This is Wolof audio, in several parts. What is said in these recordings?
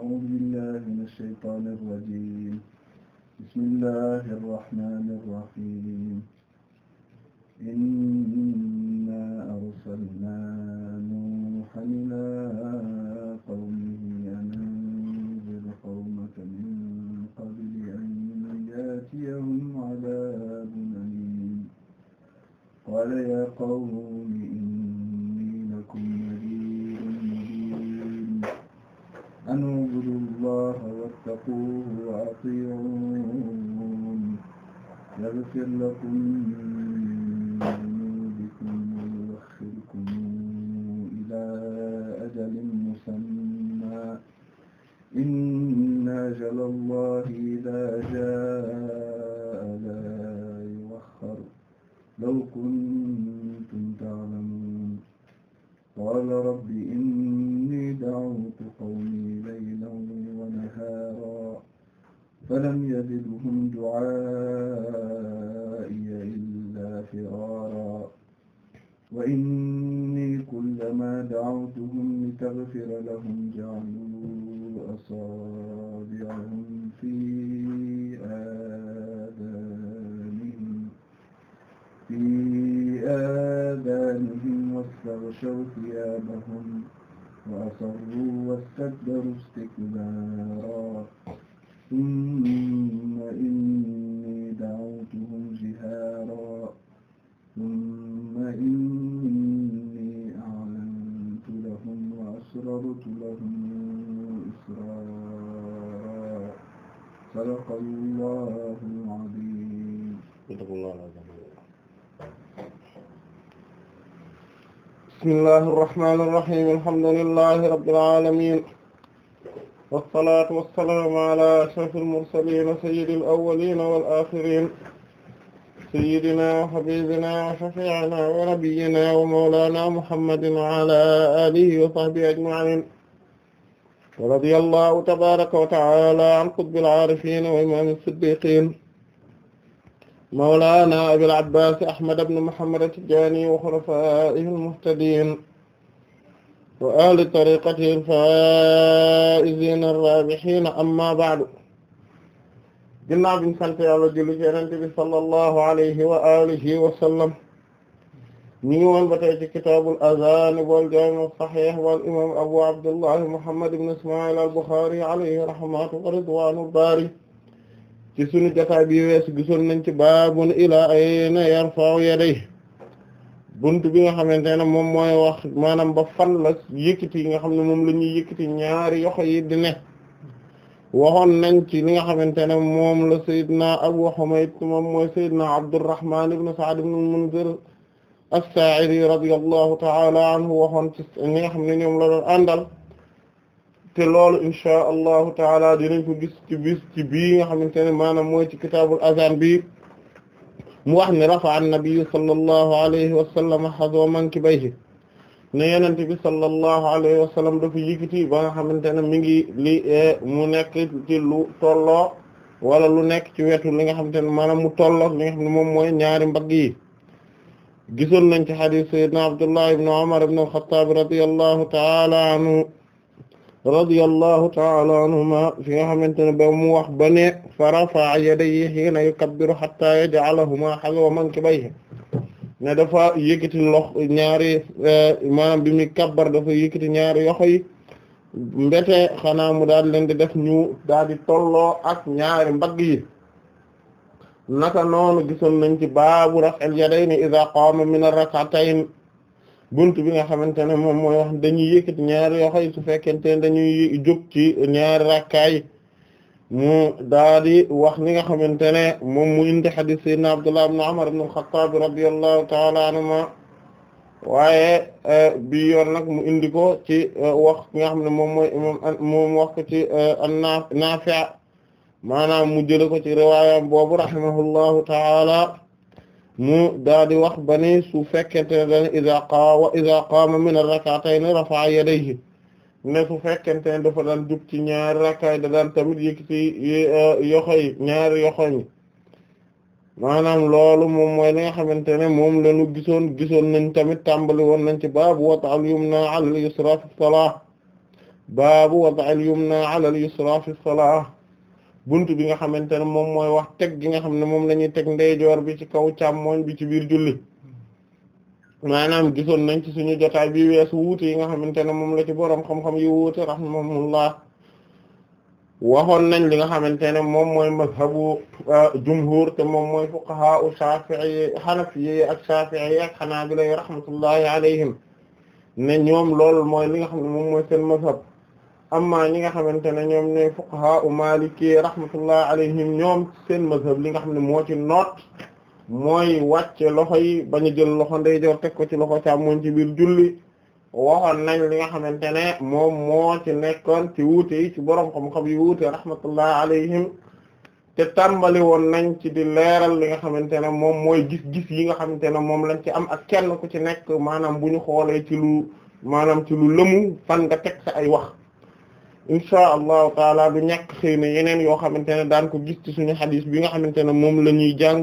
أعوذ بالله من الشيطان الرجيم بسم الله الرحمن الرحيم إنا أرسلنا نوحا إلى قومه أن أنذر قومك من قبل أن يأتيهم عذاب أليم قال يا قوم إني لكم أن اعبدوا الله واتقوه وأطيعون يغفر لكم من ذنوبكم ويؤخركم إلى أجل مسمى إن أجل الله إذا جاء لا يؤخر لو كنتم تعلمون قال رب إن فلم يزدهم دعائي إلا فرارا وإني كلما دعوتهم لتغفر لهم جعلوا أصابعهم في آذانهم في آذانهم واستغشوا ثيابهم وأصروا واستكبروا استكبارا ثم إني دعوتهم جهارا ثم إني أعلنت لهم وأسررت لهم إسرارا صدق الله العظيم صدق الله العظيم بسم الله الرحمن الرحيم الحمد لله رب العالمين wasalaatu wasalaam ala ashrafil mursaliin sayyidil awwaliina wal aaxiriin sayyidinaa wa habiibinaa wa shafii'inaa wa nabiyyinaa wa mawlaanaa muhammadin wa alaa aalihi wa sahbihi ajma'iin wa radiyallaahu tabaaraka wa ta'aalaa an qutbil aarifiin wa imaamil siddiiqiin mawlaanaa abil abbaas ahmad ibn muhammad at-tijaani wa xulafaa'ihil muhtadiin wa ahli tariqatihi al-faa'iziina ar-raabihiina amma ba'du ginnaaw biñ sant yàlla julli ci Yonent bi sallallahu alayhi wa alihi wa sallam ñu ngi woon ba tey ci kitaabul azaan wal jaami' as-sahiih wal imaam abu abdullahi muhammad ibn isma'il al-Bukhari alayhi rahmatu wa ridwaanul baari ci sunu jotaay bi weesu gisoon nañ ci baabun ilaa ayna yarfa'u yadayhi bunt bi nga xamante ne moom mooy wax maanaam ba fan la yëkkati yi nga xam ne moom la ñuy yëkkati ñaari yoxo yi di waxoon nañ ci li nga xamante ne moom la Seydina Abu Humayd moom mooy Seydina Abdurrahman ibn Sa'd ibn al-Munzir as-Sa'idi radiyallahu ta'ala anhu waxoon ci ñi nga xam ne ñoom la doon àndal te loolu insha allahu taala dinañ ko gis ci bis ci bii nga xamante ne maanaam mooy ci kitaabul azan bi mu wax ne rafa an nabi sallallahu alayhi wa sallam hadwa mankibayhi ne yonent bi sallallahu alayhi wa sallam dafa yëkkati ba nga xamante ne mi ngi li e, mu nekk ci lu tolloo wala lu nekk ci wetu li nga xamante ne maanaam mu tolloo li nga xam ne moom mooy ñaari mbagg yi gisoon nañ ci hadith sayyidina Abdullah ibn Umar ibn al-Khattab radiyallahu ta'ala anhu radiyallahu ta'ala anhuma fi nga xamante ne ba mu wax ba ne fa rafa'a yadayhi hiina yukabbiru hatta yaj'alahuma halwa mankibayhi ne dafa yëkkati lox ñaari eh, ma bi muy kabbar dafa yëkkati ñaari yoxo yi mbete xanaa mu daal leen di def ñu daal di tolloo ak ñaari mbagg yi naka noonu gison nañ ci baabu raf'il yadayni idha qama min ar-rak'atayn bunt bi nga xamante ne moom mooy wax dañuy yëkkati ñaari loxo yi su fekkente ne dañuy jóg ci ñaari rakkaay mu daa di wax ni nga xamante ne moom mu indi xadis sayyidina Abdullah ibn Umar ibn al-Khattab radiyallahu ta'ala anhuma waaye eh, bi yoon nag mu indi ko ci eh, wax nga xam ne moom mooy moom wax ko ci eh, an-Nafi' maanaam mu jële ko ci riwaayam boobu rahimahullahu ta'ala mu daal di wax ba ni su fekkente ne i iza qaama iza qaama min ar-rak'atayni rafa'a yadayhi ne su fekkente ne dafa daan jug ci ñaari rakkaay da daan tamit yëkkati uh, yoxo yi ñaari yoxo yi maanaam loolu moom mooy li nga xamante ne moom la ñu gisoon gisoon nañ tamit tàmbali woon nañ ci baabu wad'al yumna 'ala al-yusra fi as baabu wad'al yumna 'ala al-yusra salaah buntu bi nga xamante ne moom mooy wax teg gi nga xam ne moom la ñuy teg ndeyjoor bi ci kaw càmmooñ bi ci biir julli gisoon nañ ci suñu jotaay bi weesu wuute yi nga xamante ne moom la ci borom xam-xam yi wuute rahimahumullah waxoon nañ li nga xamante ne moom mooy mazhabu euh, jumhur te moom mooy fuqaha u shafi'i hanafi ak xanaa ak hanabila rahmatullahi alayhim ne ñoom loolu mooy li nga xam ne moom mooy seen mazhab amma ñi nga xamante ne ñoom ñooy fuqaha u maliki rahmatullah alayhim ñoom seen mazhab li nga xam ne moo ci noot mooy wàcce loxo yi bañu jël loxo ndeyjoor teg ko ci loxo càmmoñ ci biir julli waxoon nañ li nga xamante ne moom moo ci nekkoon ci wuute ci borom xam-xam yu wuute rahmatullah alayhim te tàmbali woon nañ ci di leeral li nga xamante ne moom mooy gis-gis yi nga xamante ne moom lañ ci am ak kenn ku ci nekk maanaam bu ñu xoolee ci lu maanaam ci lu lëmu fan nga teg sa ay wax insha allahu taala du ñàkk xëy na yeneen yoo xamante ne daan ko gis ci suñu xadis bi nga xamante ne moom la ñuy jàng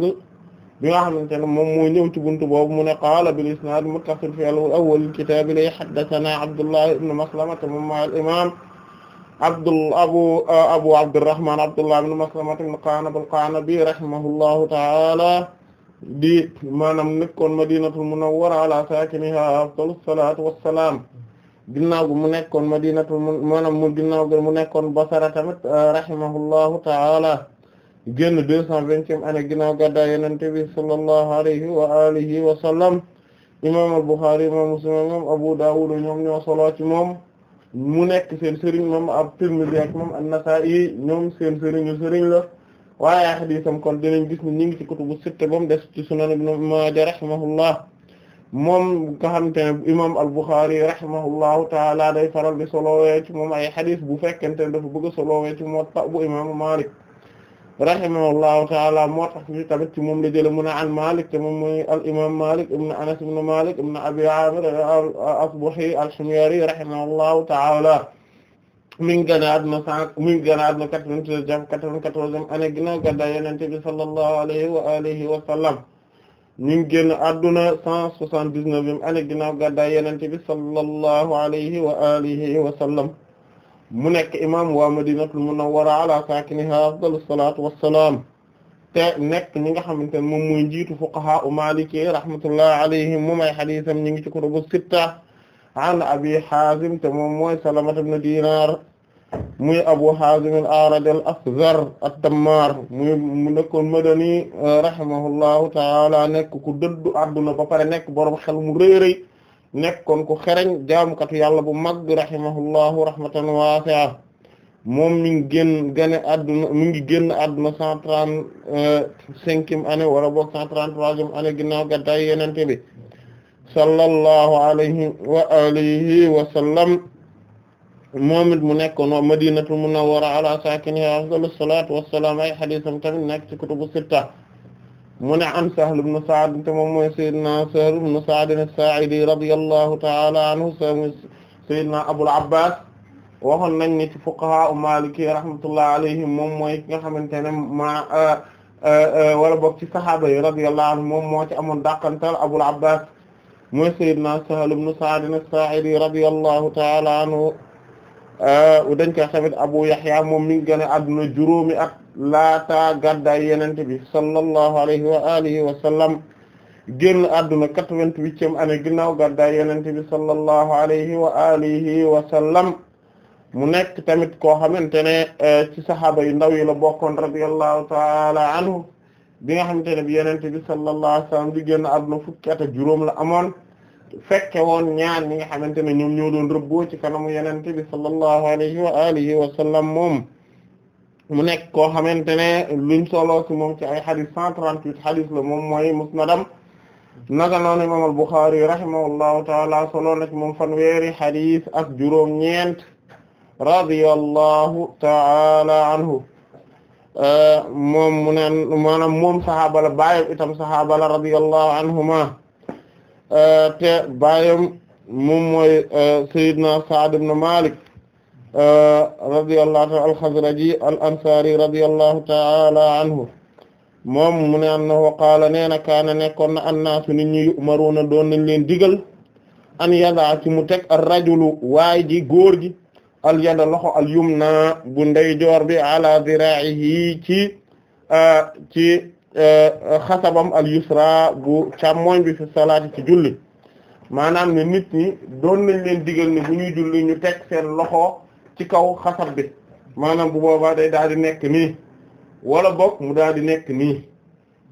bi nga xamante ne moom moo ñëw ci buntu boobu mu ne qaala bil isnaad muttasil fi awwal kitaab lay haddathana abdullah ibn maslamata moom ma al imam abdul abu abu abdurrahman abdullah ibn maslamata ibn qanab al qanabi taala di maanaam nekkoon madinatul munawwara ala saakiniha afdalus salaatu wassalaam ginnaaw gi mu nekkoon madinatul maanaam mu ginnaaw gi mu nekkoon Basra tamit euh, rahimahullahu ta'ala génn deux cent vingtième année ginnaaw gàddaay Yonent bi sallallahu alayhi wa alihi wa sallam imam al-Bukhari imam Muslim Abu Dawud ñoom ñoo solo ci moom mu nekk seen sëriñ moom at-Tirmidhi ak moom an-Nasa'i ñoom seen sëriñu sëriñ la waaye hadiisam kon dinañ gis ni ñu ngi ci kutubu sitta bam des ci Sunan Ibn Maaja rahimahullah moom nga xamante ne imam al-Bukhari rahimahullahu taala day faral di solowee ci moom ay xadis bu fekkente ne dafa bëgg a solowee ci Muwatta bu imaamu Malik rahimahullahu taala moo tax fi tamit ci moom la jëlee mu ne an Malik te moom mooy al imam Malik ibn Anas ibn Malik ibn Abi Amir al-Asbahi al-Himyari rahimahullahu taala mi ngi gën a àdduna cent mi ngi gën a àdduna quatre-vingt-treize jàpp quatre-vingt-quatorzième année ginnaaw gàddaay Yonent bi sallallahu alayhi wa alihi wa sallam ñu ngi génn adduna cent soixante-dix-neuvième année ginnaaw gàddaay yonent bi sallallahu alayhi wa alihi wa sallam mu nekk imam waa madinatul munawwara ala saakiniha afdalu salaatu wassalaam te nekk ñi nga xamante ne moom mooy njiitu fuqaha u maliki rahmatullah alayhim mu may xadiisam ñu ngi ci kutubu sitta an abi haazim te moom mooy salamata ibn dinar muy Abu Hazim al al-Asghar at-Tammar muy mu nekkoon madani euh, rahimahullahu taala nekk ku dëddu adduna ba pare nekk borom xel mu rëy rëy nekkoon ku xereñ jaamukatu yàlla bu mag rahimahullahu rahmatan wasi'a moom mi ngi génn gane adduna mi ngi génn adduna cent trente-cinquième année wala boog cent trente-troisième année ginnaaw gàddaay Yonent bi sallallahu alayhi wa moom it mu nekkoon waa madinatul munawwara ala saakinihaa afdalu salaatu wa salaam ay hadiisam tamit nekk ci kutubu sitta mu ne an Sahl ibn Sa'd te moom mooy Seydina Sahl ibn Sa'd as-Saa'idi radiyallahu ta'ala anhu Seydina Abul Abbaas waxoon nañ ni ci fuqahaa Maaliki rahmatullahi alayhim moom mooy ki nga xamante ne ma wala bokk ci saxaaba yi radiyallahu anhum moom moo ci amoon dàqantal Abul Abbaas mooy Seydina Sahl ibn Sa'd as-Saa'idi radiyallahu ta'ala anhu Euh, dañ koy xamit Abu Yahya moom mi gën a adduna juróomi at laataa gàddaay yenente bi sallallahu alayhi wa alihi wa sallam génn adduna quatre-vingt-huitième année ginnaaw gàddaay yenente bi sallallahu alayhi wa alihi wa sallam mu nekk tamit koo xamante ne euh, ci sahaaba yu ndaw yi la bokkoon taala anhu bi nga xamante ne bi yenente bi sallallahu wa sallam di génn adduna fukki at ak juróom la amoon fekke woon ñaan ñi nga xamante ne ñoom ñoo doon ci kanamu yenente bi sallallahu alayhi wa alihi wa mu nekk koo xamante ne luñ solo ci moom ci ay xadis 138 xadis la moom mooy musnadam naka noonu imam al-Bukhari rahimahullahu taala solo nak moom fanweeri xadis ak juróom ñeent radiyallahu taala anhu euh, moom mu naan maanaam moom sahaaba la baayam itam sahaaba la anhuma te euh, baayam moom mooy euh, Seydina Sa'd ibn Malik euh, radiyallahu ta'ala al-Khazraji al-Ansari radiyallahu ta'ala anhu moom mu ne annahu qaala nee kaana nekkoon na annaasu nit ñi yu'maruna doon nañ leen digal an yada ci mu teg ar-rajulu waay ji góor al yada loxo al yumna bu ndeyjoor bi ala diraa'ihi ci ci Euh, xasabam al yusra bu càmmooñ bi fi ci julli maanaam ne nit ñi doon nañ leen digal ni bu ñuy julli ñu teg seen loxo ci kaw xasab bi maanaam bu boobaa day daal di nekk nii wala boog mu daal di nekk nii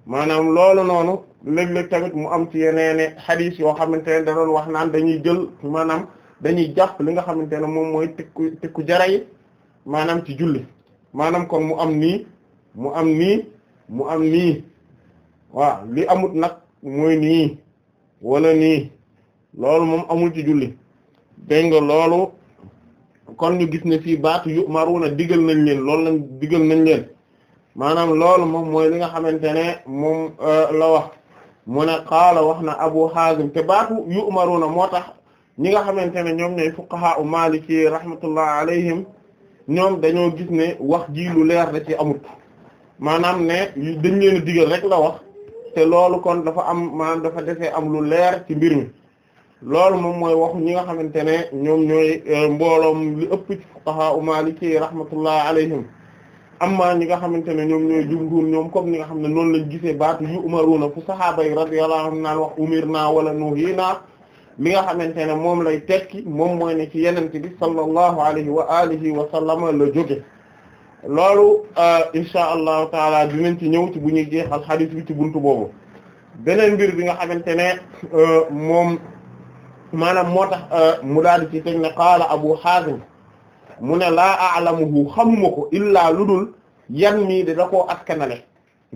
maanaam loolu noonu léeg-léeg tamit mu am ci yeneene xadiis yoo xamante ne da doon wax naan dañuy jël maanaam dañuy jàpp li nga xamante ne moom mooy tikku tikku jara yi maanaam ci julli maanaam kon mu am nii mu am nii mu am nii waaw li amut nag mooy nii wala ni loolu moom amul ci julli dégg nga loolu kon ñu gis ne fii baat yu na digal nañ leen loolu lañ digal nañ leen maanaam loolu moom mooy li nga xamante ne moom euh, la wax mu ne qaala wax na Abu Hazim te baatu yu maruna moo tax ñi nga xamante ne ñoom ñooy fuqaha u Maliki rahmatullah alayhim ñoom dañoo gis ne wax ji lu leer da ci amut maanaam ne dañ leen a digal rek la wax te loolu kon dafa am maanaam dafa defee am lu leer ci mbir mi loolu moom mooy wax ñi nga xamante ne ñoom ñooy euh, mbooloom li ëpp ci fuqaha u maliki rahmatullah ñi nga xamante ne ñoom ñooy jumhuur ñoom comme ñi nga xam ne noonu lañ gisee baatu yu umaruuna fu sahaaba yi radiyallahu anhum naan wax umir naa wala nuhiina li nga xamante ne moom lay tekki moom mooy ne ci yenente bi sallallahu alayhi wa alihi wa sallama la jóge loolu euh, insha allahu taala dinañ ci ñëw ci bu ñuy jeexal xadis bi ci buntu boobu beneen mbir bi nga xamante ne euh, moom maanaam moo tax euh, mu daal di ci teg ne qaala abu hazim mu ne laa a'lamuhu xamuma ko illa lu dul yan mii de da koo askanale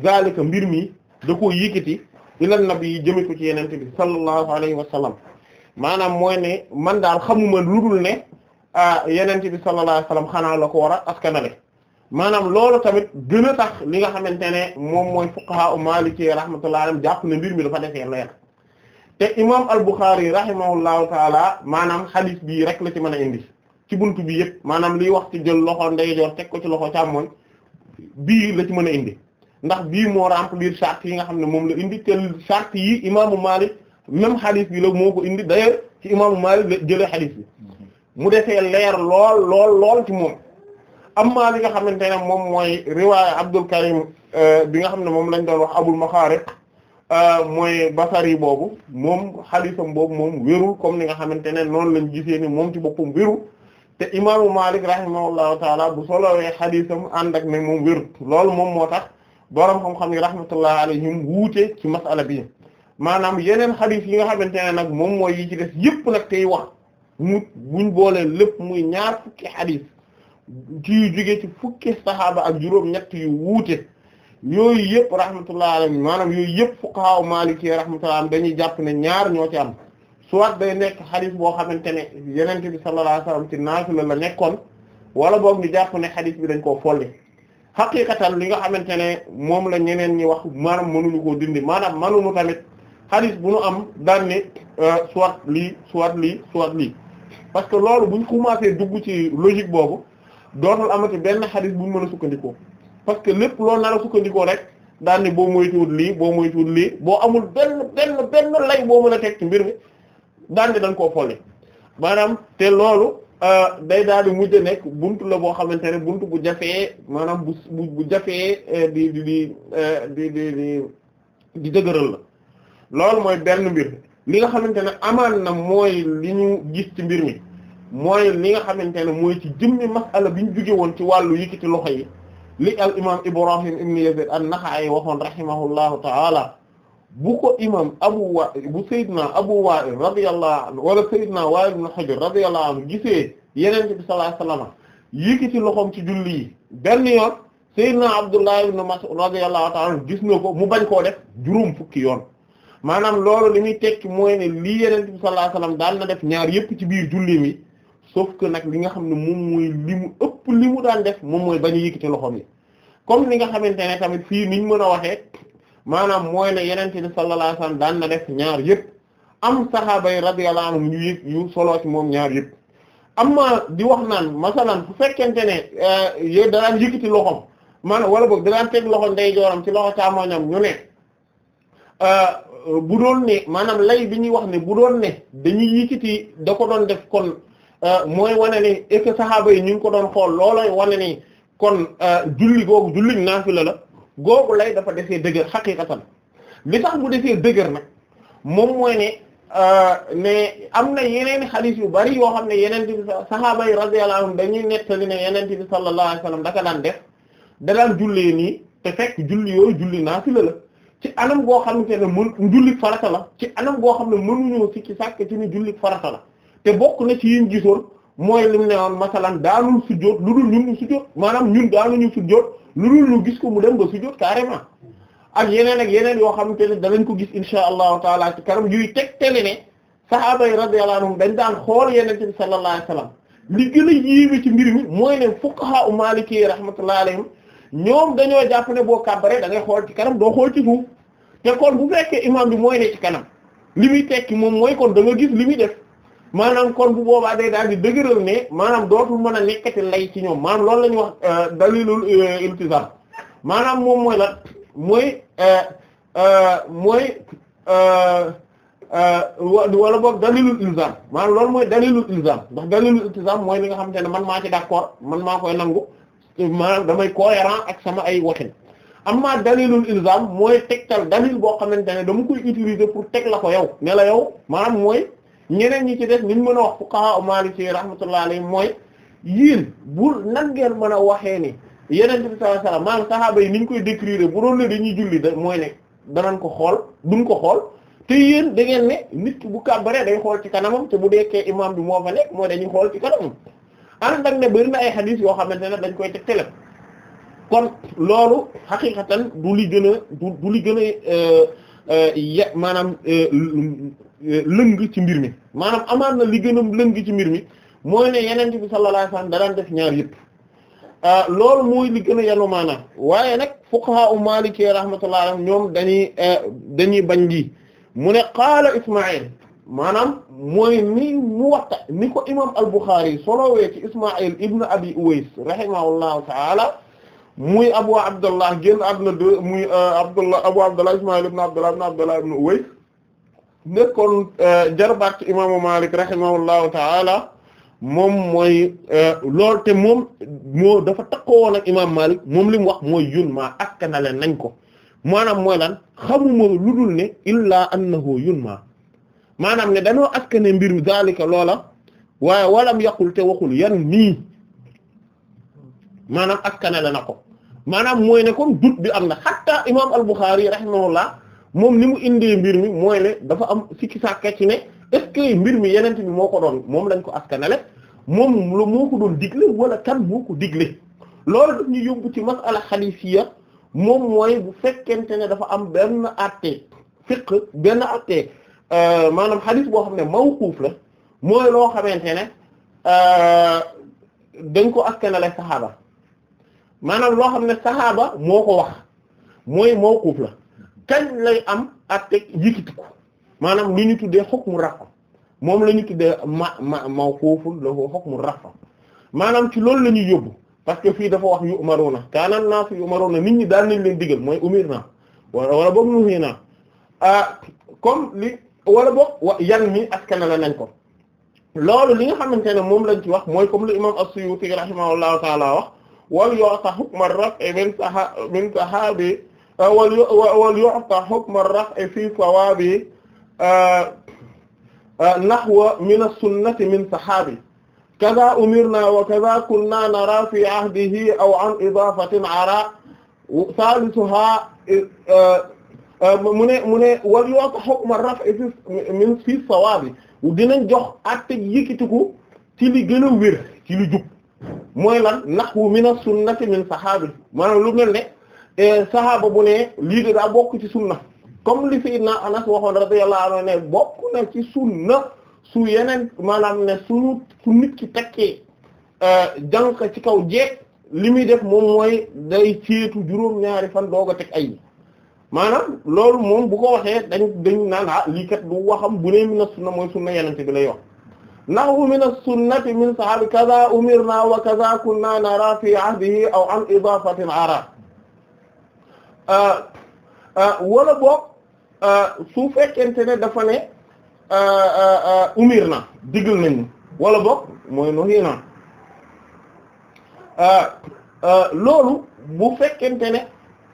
zalika mbir mi da koo yëkkati ila nabi jëme ko ci yenente bi sallallahu alayhi wa sallam maanaam mooy ne man daal xamuma lu dul ne yenente bi sallallahu alayhi wa sallam xanaa la ko war a maanaam loolu tamit gën a tax li nga xamante ne moom mooy fuqaha u maliki rahmatullahi alayhim jàpp ne mbir la dafa defee leer te imam al-Bukhari rahimahullahu taala maanaam hadith bii rek la ci mën a indi ci buntu bi yëpp maanaam liy wax ci jël loxo ndeyjoor teg ko ci loxo càmmoñ bii la ci mën a indi ndax bii moo remplir charte yi nga xam ne moom la indi te charte yi imaamu Malik même hadith bi la moo ko indi d'ailleurs ci imaamu Malik la jëlee bi mu defee leer lool lool lool ci moom amma li nga xamante ne moom mooy riwaaya Abdul Karim euh, bi nga xam ne moom lañ doon wax Abul Maxaariq euh, mooy Basari boobu moom xadisam boobu moom wérul comme ni nga xamante ne noonu lañ gisee ni moom ci boppam wérul te imaamu Maalik rahimahullahu taala bu solowee xadisam ànd ak ne moom wérul loolu moom moo tax borom xam-xam yi rahmatullahi alayhim wuute ci masala bi maanaam yeneen xadis yi nga xamante ne nag moom mooy yi ci des yëpp nag tey wax mu buñ boolee lépp muy ñaar fukki ci yu jóge ci fukki saxaaba ak juróom-ñett yu wuute yooyu yëpp rahmatullah alayhi maanaam yooyu yëpp fuqaha maliki rahmatullah dañuy jàpp ne ñaar ñoo ci am soit day nekk xadis boo xamante ne yonent bi sallallahu alayhi wasallam ci naafila la nekkoon wala boog ñu jàpp ne xadis bi dañ koo folli xaqiqatan li nga xamante ne moom la ñeneen ñi wax maanaam mënuñu ko dindi maanaam mënuñu tamit xadis bu nu am daan ne li euh, lii li lii li lii parce que loolu buñ commencé dugg ci logique boobu dootul amati benn xarit bu ñu mën a sukkandikoo parce que lépp loo naan a sukkandikoo rek daandi ni boo moytuwul lii boo moytuwul lii boo amul benn benn benn lay boo mën a teg ci mbir mi daan ni dañ koo folli maanaam te loolu euh, day daal di mujj nekk buntu la boo xamante ne buntu bu jafee maanaam bu bu bu jafee euh, di di euh, di di di di dëgëral la loolu mooy benn mbir li nga xamante ne amaan na mooy li ñu gis ci mbir mi. mooy li nga xamante ne mooy ci jëmmi masala bi ñu jóge woon ci wàllu yëkkati loxo yi li al imam Ibrahim ibn Yazid an-Nakha'i waxoon rahimahullahu ta'ala bu ko imam Abu Wa'il bu Seydina Abu Wa'il radiyallahu anhu wala Seydina Wa'il ibn Hujr radiyallahu anhu gisee Yonent bi sallallahu alayhi wasallam yëkkati loxoom ci julli yi benn yoon Seydina Abdullah ibn Mas'ud radiyallahu ta'ala gis na ko mu bañ koo def juróom fukki yoon maanaam loolu li muy tekki mooy ne lii Yonent bi sallallahu alayhi wasallam daan def ñaar yëpp ci biir julli mi sauf que nag li nga xam ne moom mooy li mu ëpp li mu daan def moom mooy bañ a yëkkati loxoom yi comme ni nga xamante ne tamit fii niñ mën a waxee maanaam mooy ne yenente bi sallallahu alayhi wasallam daan na def ñaar yëpp am sahaaba yi radiyallahu anhum ñu yëg yu soloo ci moom ñaar am ma di wax naan masalan su fekkente ne euh, yow da daan yëkkati loxoom maanaam wala boog da daan teg loxo ndeyjooram ci loxo càmmoñam ñu ne euh, bu doon ne maanaam lay bi ñuy wax ne bu doon ne dañuy da ko doon def kon Euh, mooy wane ni et que yi ñu ko doon xool loolooy wane ni kon euh, julli googu julliñ naafila la googu lay dafa desee dëgër xaqiqatan li tax mu desee dëgër na moom mooy ne euh, ne am na yeneen xadiis yu bari yoo xam ne yeneen bi saxaaba yi radiyallahu anhum dañuy nettali ne yeneen bi sallallahu alayhi wasallam daka daan def da daan jullee nii te fekk julli yooyu julli naafila la ci anam goo xamante ne mën julli farata la ci anam goo xam ne mënuñoo sikki sàkk ci ni julli farata la te bokk na ci yiñ gisoon mooy lim ne woon masalan daanul sujjóot lu dul ñun ñu sujjóot maanaam ñun daanuñu sujjóot lu dul ñu gis ko mu dem ba sujjóot carrément ak yeneen ak yeneen yoo xamante ne danañ ko gis insha allahu taala ci kanam yuy tegtale ne sahaaba yi radiyallahu anhum dañ daan xool yenente bi sallallahu alayhi wasallam li gën a ci mbir mi mooy ne fuqaha u maliki rahmatullahi alayhim ñoom dañoo jàpp ne boo kàbbaree da ngay xool ci kanam doo xool ci suuf te kon bu fekkee imam mooy kanam li muy tekki moom mooy kon da nga gis li muy def maanaam kon bu boobaa day daal di dëgëral ne maanaam dootul mën a nekkati lay ci ñoom maanaam loolu la ñuy wax euh, dalilul euh, iltizam maanaam moom mooy mooy euh, mooy wala boog dalilul iltizam maanaam loolu mooy dalilul iltizam ndax dalilul mooy li nga xamante ne man maa ci d'accord man maa koy nangu maanaam damay cohérent ak sama ay waxin amma dalilul ilzam mooy tegtal dalil boo xamante ne dama koy utiliser pour teg la ko yow ne la yow maanaam mooy ñeneen ñi ci def niñ mën a wax fuqaha maliki rahmatullah alayhi mooy yéen bu nan ngeen mën a waxee ni yeneen bi sallallahu alayhi wasallam maanaam sahaaba yi niñ koy décrire bu doon ne dañuy julli da mooy ne danañ ko xool duñ ko xool te yéen da ngeen ne nit ki bu kàbbaree day xool ci kanamam te bu dekkee imam bi moo fa nekk mooy dañuy xool ci kanamam ànd ak ne bari na ay xadiis yoo xamante ne dañ koy tegtale kon loolu xaqiqatan du li gën a du du li gën a euh, euh, ye maanaam euh, lëng ci mbir mi maanaam na li gën a lëng ci mbir mi mooy ne yeneen bi sallallahu alayhi wasallam da def ñaar yëpp ah, loolu mooy li gën a yanu waaye nag fuqaha u Maliki rahmatullahi alayhim ñoom dañuy eh, dañuy bañ ji mu ne qaala Isma'il maanaam mooy ni Muwatta ni ko imam al-Bukhari Isma'il ibn Abi Uways rahimahullahu ta'ala muy Abu Abdullah eh, Isma'il ibn Abdullah ibn Abdullah nekkoon euh, jarbaat imaamu Malik rahimahullahu taala moom mooy euh, lool te moom moo dafa takkoo woon imaam Malik moom li mu wax mooy yun maa akkanale nañ ko maanaam mooy lan xamuma lu dul ne illaa annahu yun maa maanaam ne dañoo askane mbir mi zalika loola waaye walam yaqul te waxul yan nii maanaam askanale na ko maanaam mooy ne comme dut bi am na xatta imaam al-Bukhari rahimahullah moom ni mu indee mbir mi mooy ne dafa am sikki sàkka ci ne est-ce mbir mi yeneen bi moo ko doon moom lañ ko askanale moom la moo ko doon digle wala kan moo ko digle loolu daf ñu yóbbu ci masala xalifiya moom mooy bu fekkente ne dafa am benn àtte fiq benn àtte euh, maanaam xadis boo xam ne mawquuf la mooy loo xamante ne euh, dañ ko askanale saxaaba maanaam loo xam ne saxaaba moo ko wax mooy mawquuf la kañ lay am ak teg yëkkatiku maanaam lu ñu tuddee hukmu rafa moom la ñu tuddee ma ma maw fooful la ko hukmu rafa maanaam ci loolu la ñuy yóbbu parce que fii dafa wax yu umaruna kaanaan naa fi yu umaruna nit ñi daal nañ leen digal mooy umir naa wala boo nuhi naa ah comme li wala boog wa yan mi askan la nañ ko loolu li nga xamante ne moom lañ ci wax mooy comme le imam a suyuti rahimahullahu taala wax wal yoo sa hukma rafa min saha min wal yu wal yu'ta hukma ar-raf'i fi sawabi uh, uh, nahwa min as-sunnati min sahabi kaza umirna wa kaza kunna nara fi ahdihi aw an idafatin ara salisuha uh, mu ne mu ne wal yu'ta hukma ar-raf'i fi min fi sawabi dinañ jox atte yëkkatiku ci li gën a wér ci lu jub mooy lan nahwa min as-sunnati min sahabi maanaam lu mel ne saxaaba bu ne lii de daa bokk ci sunna comme li Seydina Anas waxoon radiyallahu anhu ne bokk na ci sunna su yeneen maanaam ne suñu su nit ki takkee euh, jànq ci kaw jeeg li muy def moom mooy day seetu juróom-ñaari fan doog a teg ay maanaam loolu moom bu ko waxee dañ dañ naan ah lii kat du waxam bu ne mina sunna mooy sunna yeneen bi wax nahu min as-sunnati min sahabi kaza umirna wa kaza kunna nara fi ahdihi aw an idafatin ara Euh, euh, wala boog euh, su fekkente ne dafa ne umir na digal nañu wala boog mooy noxi na loolu bu fekkente ne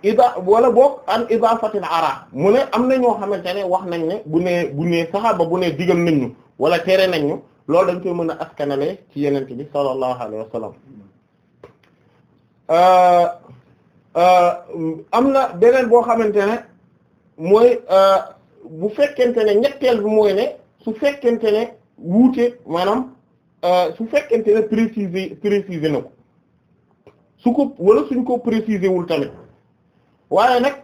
ida wala boog an idafatil ara mu ne am na ñoo xamante ne wax nañ ne bu ne bu nee saxaaba bu ne digal nañ ñu wala tere nañ ñu loolu dañ koy mën a askanale ci yenente bi sallallahu alayhi wa sallam Euh, am na beneen boo xamante ne mooy euh, bu fekkente ne ñetteel bi mooy ne su fekkente ne wuute maanaam euh, su fekkente ne préciser préciser na ko su ko wala suñ ko préciser wul tamit waaye nag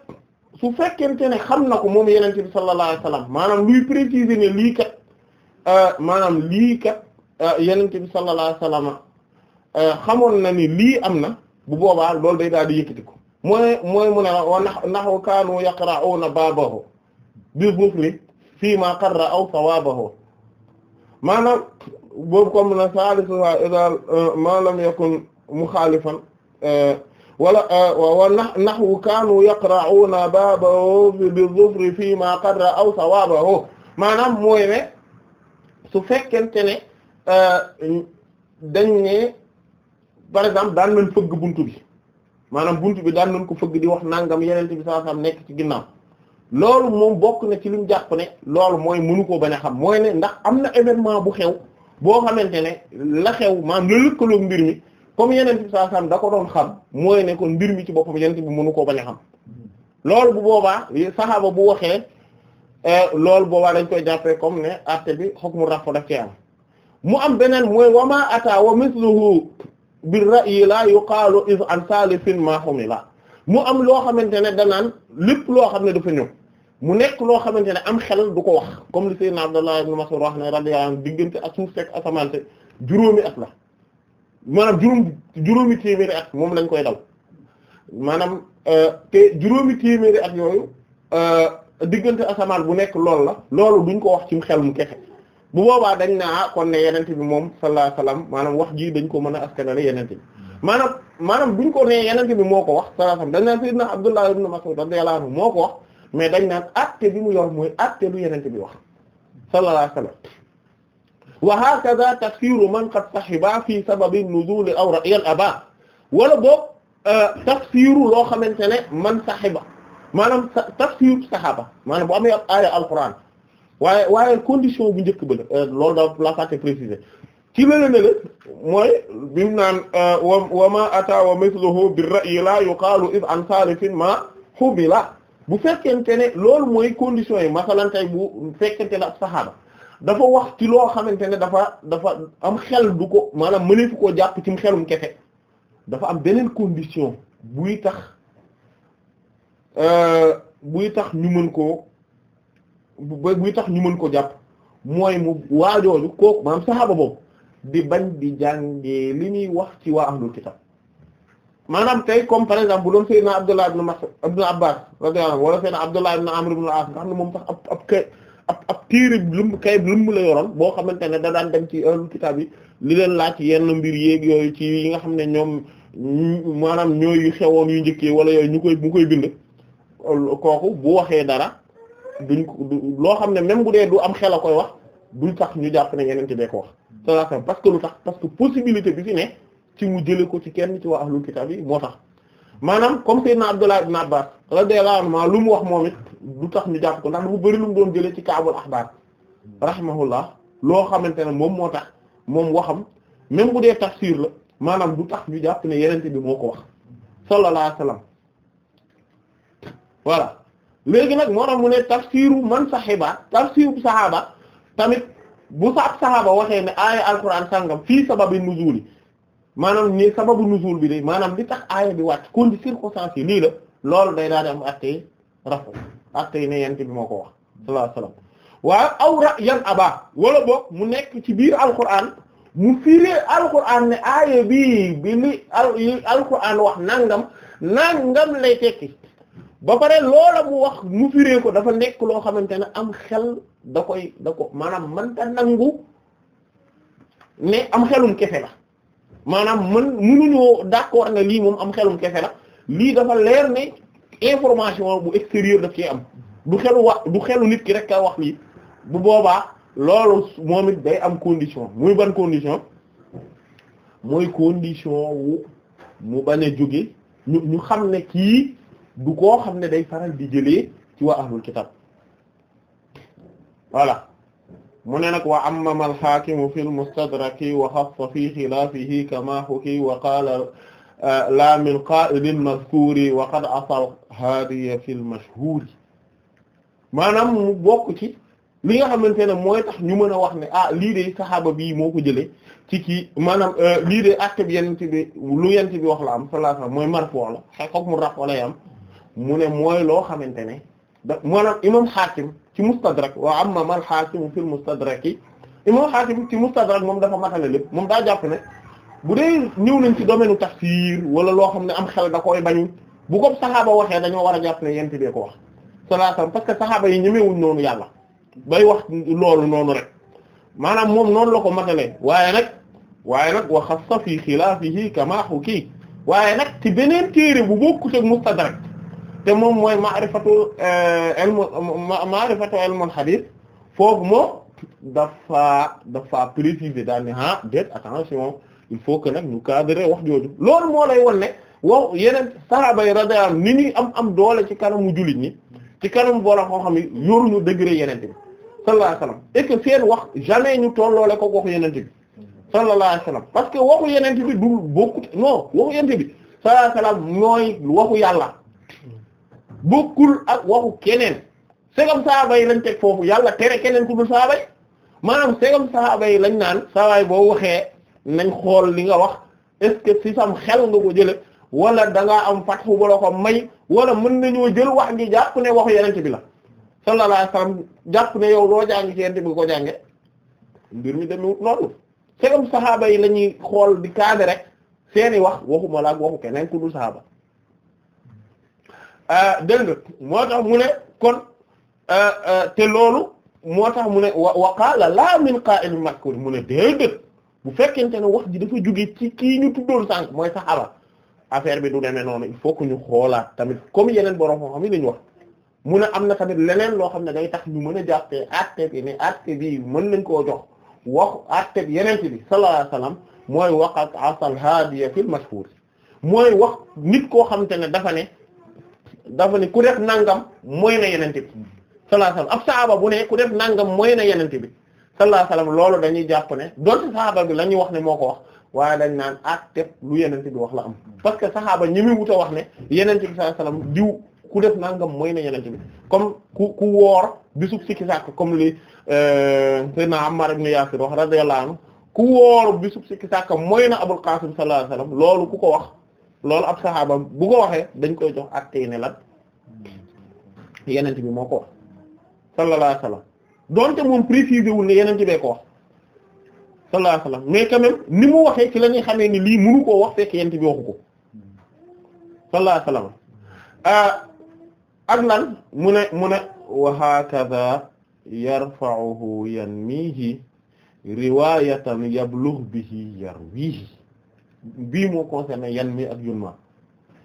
su fekkente ne xam na ko moom yeneen bi sallallahu alayhi wasallam maanaam luy préciser ne lii kat maanaam lii kat yeneen bi sallallahu alayhi xamoon na ni lii am na bu boobaa loolu day daal di yëkkati ko mooy mooy mu ne wa nahu kaanu yaqra'una baabahu bi bufli fii ma qarra aw sawaabahu maanaam boobu comme na salisuha idal ma lam yakun muxaalifan wala wa nahu kaanu yaqra'una baabahu bi bufli fii ma qarra aw sawaabahu maanaam mooy ne su fekkente ne dañ ne par exemple daan nañ fëgg buntu bi maanaam bunt bi daan nañ ko fëgg di wax nangam yenente bi sallallahu alayhi wasallam nekk ci ginnaaw loolu moom bokk na ci li mu jàpp ne loolu mooy mënu koo bañ a xam mooy ne ndax am na événement bu xew boo xamante ne la xew maanaam la lëkkaloog mbir mi comme yenente bi sallallahu da ko doon xam mooy ne mbir mi ci boppam yenente bi mënu koo bañ a xam loolu bu boobaa saxaaba bu waxee eh, loolu boobaa dañ koy jàppee comme ne acte bi xukmu rafa daf def am mu am beneen mooy wama ata wa misluhu bir ra'yi la yuqaalu is an salifin ma humila mu am loo xamante ne danaan lépp loo xam ne dafa ñëw mu nekk loo xamante ne am xel du ko wax comme li sayyidna Abdullah ibn Mas'ud wax ne radiyallahu anhu diggante ak suuf fekk asamante juróomi at la maanaam juróom juróomi at moom lañ koy daw maanaam euh, te juróomi téeméeri at euh, diggante asamaan bu nekk loolu la loolu duñ ko wax ci xel mu kexe bu boobaa dañ naa kon ne yenente bi moom sallallahu alayhi wasallam maanaam wax jii dañ ko mën a askanale yenente bi maanaam maanaam duñ ko ne yenente bi moo ko wax sallallahu alayhi wasallam dañ naan sayyidna Abdullah ibn Mas'ud radiyallahu anhu moo ko wax mais dañ naan acte bi mu yor mooy acte lu yenente bi wax sallallahu alayhi wasallam wa hakaza tafsiru man qad sahiba fi sababi nuzul aw ra'yal aba wala boog euh, tafsiru loo xamante ne man sahiba maanaam tafsiru sahaba maanaam bu amee ab aaya alquran waaye waaye condition bu njëkk ba la euh, loolu daal la fàtte préciser ci lële ne mooy bi naan euh, wa wa ma ata wa mithluhu bi ra'yi la yuqaalu id an salifin ma la bu fekkente ne loolu mooy condition yi masalantey bu fekkente ne ab saxaaba dafa wax ci loo xamante ne dafa dafa am xel du ko maanaam mëneefu ko jàpp ci xelum kese dafa am beneen condition buy tax euh, buy tax ñu mën koo ba bi tax ñu mën ko jàpp mooy mu waajooju kooku maanaam saxaaba boobu di bañ di jàngee li ñuy wax ci waa ahlul kitab maanaam tey comme par exemple bu doon Seydina Abdullah ibn Mas'ud ibn Abbas radiyallahu anhu wala Seydina Abdullah ibn Amr ibn al-As nga xam ne moom sax ab ab kay ab ab téere lum kay lum la yoroon boo xamante ne da daan dem ci ahlul kitab yi li leen laaj yenn mbir yéeg yooyu ci yi nga xam ne ñoom maanaam ñooy xewoon yu njëkkee wala yooyu ñu koy mu koy bind kooku bu waxee dara duñ ko loo xam ne même bu dee du am xel a koy wax duñ tax ñu jàpp ne yeneen ci bee ko wax sallallahu hmm. parce que lu tax parce que possibilité bi fi ne ci mu jële ko ci kenn ci waa ahlul kitaab yi moo tax maanaam comme sayyidna Abdullah ibn Abbas radiyallahu anhu lu mu wax moom it du tax ñu jàpp ko ndax dafa bëri lu mu doon jële ci kaabul axbaar rahimahullah loo xamante ne moom moo tax moom waxam même bu dee tafsir la maanaam du tax ñu jàpp ne yenente bi moo ko wax sallallahu alayhi wasallam léegi nag moo tax mu ne tafsiru man sahiba bu sahaaba tamit bu sa ab waxee ne aaya alquran sàngam fii sababi nuzuli maanaam ni sababu nuzul bi de maanaam li tax aaya bi wàcc kon di circonstance yi lii la loolu day daal di am attey rafu attey ne yent bi moo ko wax sallallahu alayhi wasallam aw ra aba wala boog mu nekk ci biir alquran mu firee alquran ne aaya bi bi li al wax nangam nangam lay tekki ba pare loola mu wax mu firee ko dafa nekk loo xamante ne am xel da koy da ko maanaam man mënta nangu ne am xelum kefe la maanaam mën munuñoo d'accord ne lii moom am xelum kefe la lii dafa leer ne information bu extérieur daf cee am du xelu wax du xelu nit ki rek ka wax lii bu boobaa loolu moom it day am condition muy ban condition mooy condition wu mu bañ a jóge ñu ñu xam ne kii du koo xam ne day faral di jëlee ci waa ahlul kitab voilà mu ne nag wa ammama alxaakimu fi lmustadraki wa xassa fi xilaafihi kama huki wa qaala euh, la min qaa'ilin mazkuuri wa qad asal haadiya fi lmashhuuri maanaam mu bokk ci li nga xamante ne mooy tax ñu mën a wax ne ah lii de saxaaba bii moo ko jëlee ci kii maanaam euh, lii de acte bi yenent bi lu yent bi wax la am sallallahu alayhi wasallam mooy marfu' la xay xog mu raf wala yam mu ne mooy loo xamante ne da maanaam imam Hakim ci mustadrak wa amma mal Hakim fil mustadrak yi imam Hakim ci mustadrak moom dafa matale lépp moom daa jàpp ne bu dee ñëw nañ ci domaine u wala loo xam ne am xel da koy bañ bu ko saxaaba waxee dañoo war a jàpp ne yent bee ko wax salaatam parce que saxaaba yi ñemewuñ noonu yàlla bay wax loolu noonu rek maanaam moom noonu la ko matale waaye nag waaye nag wa xassa fi xilaafihi kama huki waaye nag ci beneen téere bu bokkut ak mustadrak te moom mooy maarifatu ilmu euh, maarifatu ilmul hadith foofu moom dafa dafa préciser daal ne ah attention il faut que nag ñu cadrer wax jooju loolu moo lay won ne wow yeneen sahaaba yi am am doole ci kanamu jullit ñi ci kanam boola koo xam ne yoruñu degré yeneen bi sallallahu alayhi wa wax jamais ñu tolloole ko waxu yeneen bi sallallahu parce que waxu yeneen bi du bokkut non waxu yeneen bi sallallahu alayhi waxu yàlla kul ak waxu keneen segam saaba yi lañ teg foofu yàlla tere keneen ku dul saaba yi maanaam segam saaba yi lañ naan saaba yi boo waxee nañ xool li nga wax est-ce si sam xel nga ko jële walla da ngaa am fatxu ba la ko may wala mën nañoo jël wax ngi jàpp ne waxu yenente bi la sallallahu alayhi wasallam jàpp ne yow loo jàng ci yenente bi ko jànge mbir mi demewut noonu segam saxaaba yi la ñuy xool di cadre rek seeni wax waxuma la ak waxu keneen ku dul saxaaba Euh, dégg nga moo tax mu ne kon euh, euh, te loolu moo tax mu ne wa wa qaala laa min qaa'il mazkuur mu ne déedéet bu fekkente ne wax ji dafa jóge ci kii ñu tuddoon sànq mooy saxaaba affaire bi du demee noonu il faut que xoolaat tamit comme yeneen borom xam-xam yi lañu wax mu ne am na tamit leneen loo xam ne day tax ñu mën a jàppee àtte bi mën nañ koo jox wax àtte bi yeneen bi sallallahu mooy wax ak asal haadiya fil mashhur mooy wax nit koo xamante ne dafa ne. dafa ne ku def nangam mooy na yenente bi sallallahu alayhi ab saaba bu ne ku def nangam mooy na yenente bi sallallahu alayhi wasallam loolu dañuy jàpp ne doonte saaba bi la ñuy wax ne moo ko wax waaye dañ naan ak ah, teg lu yenente bi wax la am parce que saxaaba ñi muy wut wax ne yenente bi sallallahu alayhi wasallam diw ku def nangam mooy na yenente bi comme ku ku woor bi bisub sikki sàkk comme li euh, sayyidina Ammar ibn Yasir wax radiyallahu anhu ku woor bisub sikki sàkk mooy na Abul Qasim sallallahu alayhi loolu ku ko wax loolu ab saxaaba bu ko waxee dañ koy jox attey ne lan yenent bi moo ko wax sallallahu alayhi wa sallam donte moom précisé wul ne yenent bee ko wax sallallahu sallam mais quand ni mu waxee ci la xamee ni lii mu koo wax fekk yenent bi waxu ko sallallahu alayhi wa sallam ak lan mu ne mu ne wa hakadha yarfa'uhu yanmihi riwayatan yablugh bihi yarwihi bii moo concerné yan mi ak yunma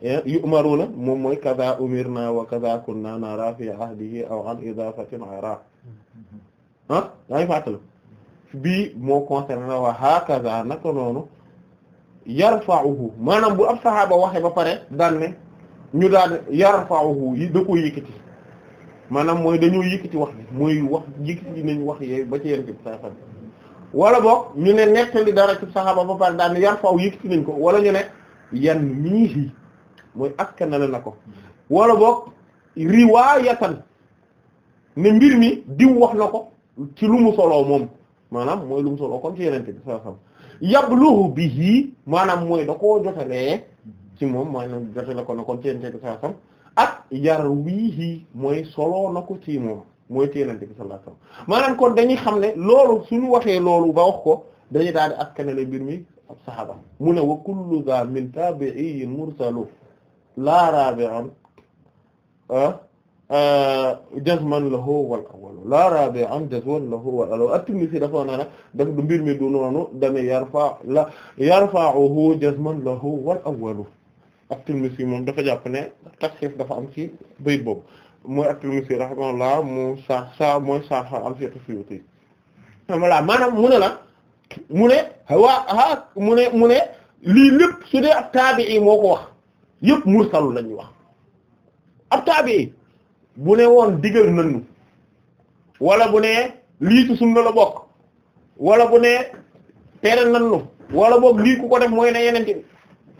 eh, yu umaruna moom mooy kaza umirna wa kaza kunna nara fi ahdihi aw an idafatin ara ah yaa ngi fàttali bii moo concerné wa hakaza naka noonu yarfa'uhu maanaam bu ab saxaaba waxee ba pare ñu ne ñu daan yarfa'uhu yi da koo yëkkati maanaam mooy dañoo yëkkati wax ji mooy wax yëkkati nañu wax yee ba ci yenn ci saafara wala boog ñu ne nettali dara ci saxaaba ba pare daan yar faaw yëkkati nañ ko wala ñu ne yan miihi mooy askanale na ko wala boog riwaayatan ne mbir mi diw wax na ko ci lu mu moom maanaam mooy lu mu soloo comme ci yenente bi sallallahu alayhi wasallam yabluhu bihi maanaam mooy da koo jotalee ci moom maanaam jotale ko na comme ci yenente bi sallallahu alayhi wasallam mooy soloo na ko ci moom mooy téenante bi sallallahu alayhi wasallam maanaam kon dañuy xam ne loolu suñu waxee loolu ba wax ko dañuy daal di askanale mbir mi ab saxaaba mu ne wa kullu za min tabi'iyyin mursalu la rabi'an ah, ah, jazman lahu wal awwalu la rabi'an jazman lahu wal awwalu at-Tirmidhi dafa naa nag daf du mbir mi du noonu dame yarfa la yarfa'uhu jazman lahu wal awwalu at-Tirmidhi moom dafa jàpp ne taxxiif dafa am ci bayit boobu mooy at-Tirmidhi rahimahullah mu sa sa mooy sarh al-fiqh Suyuti rahimahullah maanaam mu ne la mu ne waa mu ne lii lépp su dee ab taabi'i moo ko wax yëpp mursalu la ñuy wax ab taabi'i bu ne woon diggal nañu wala bu ne lii ci sunna la bokk wala bu ne tere nañu wala boog lii ku ko def mooy ne yeneen ci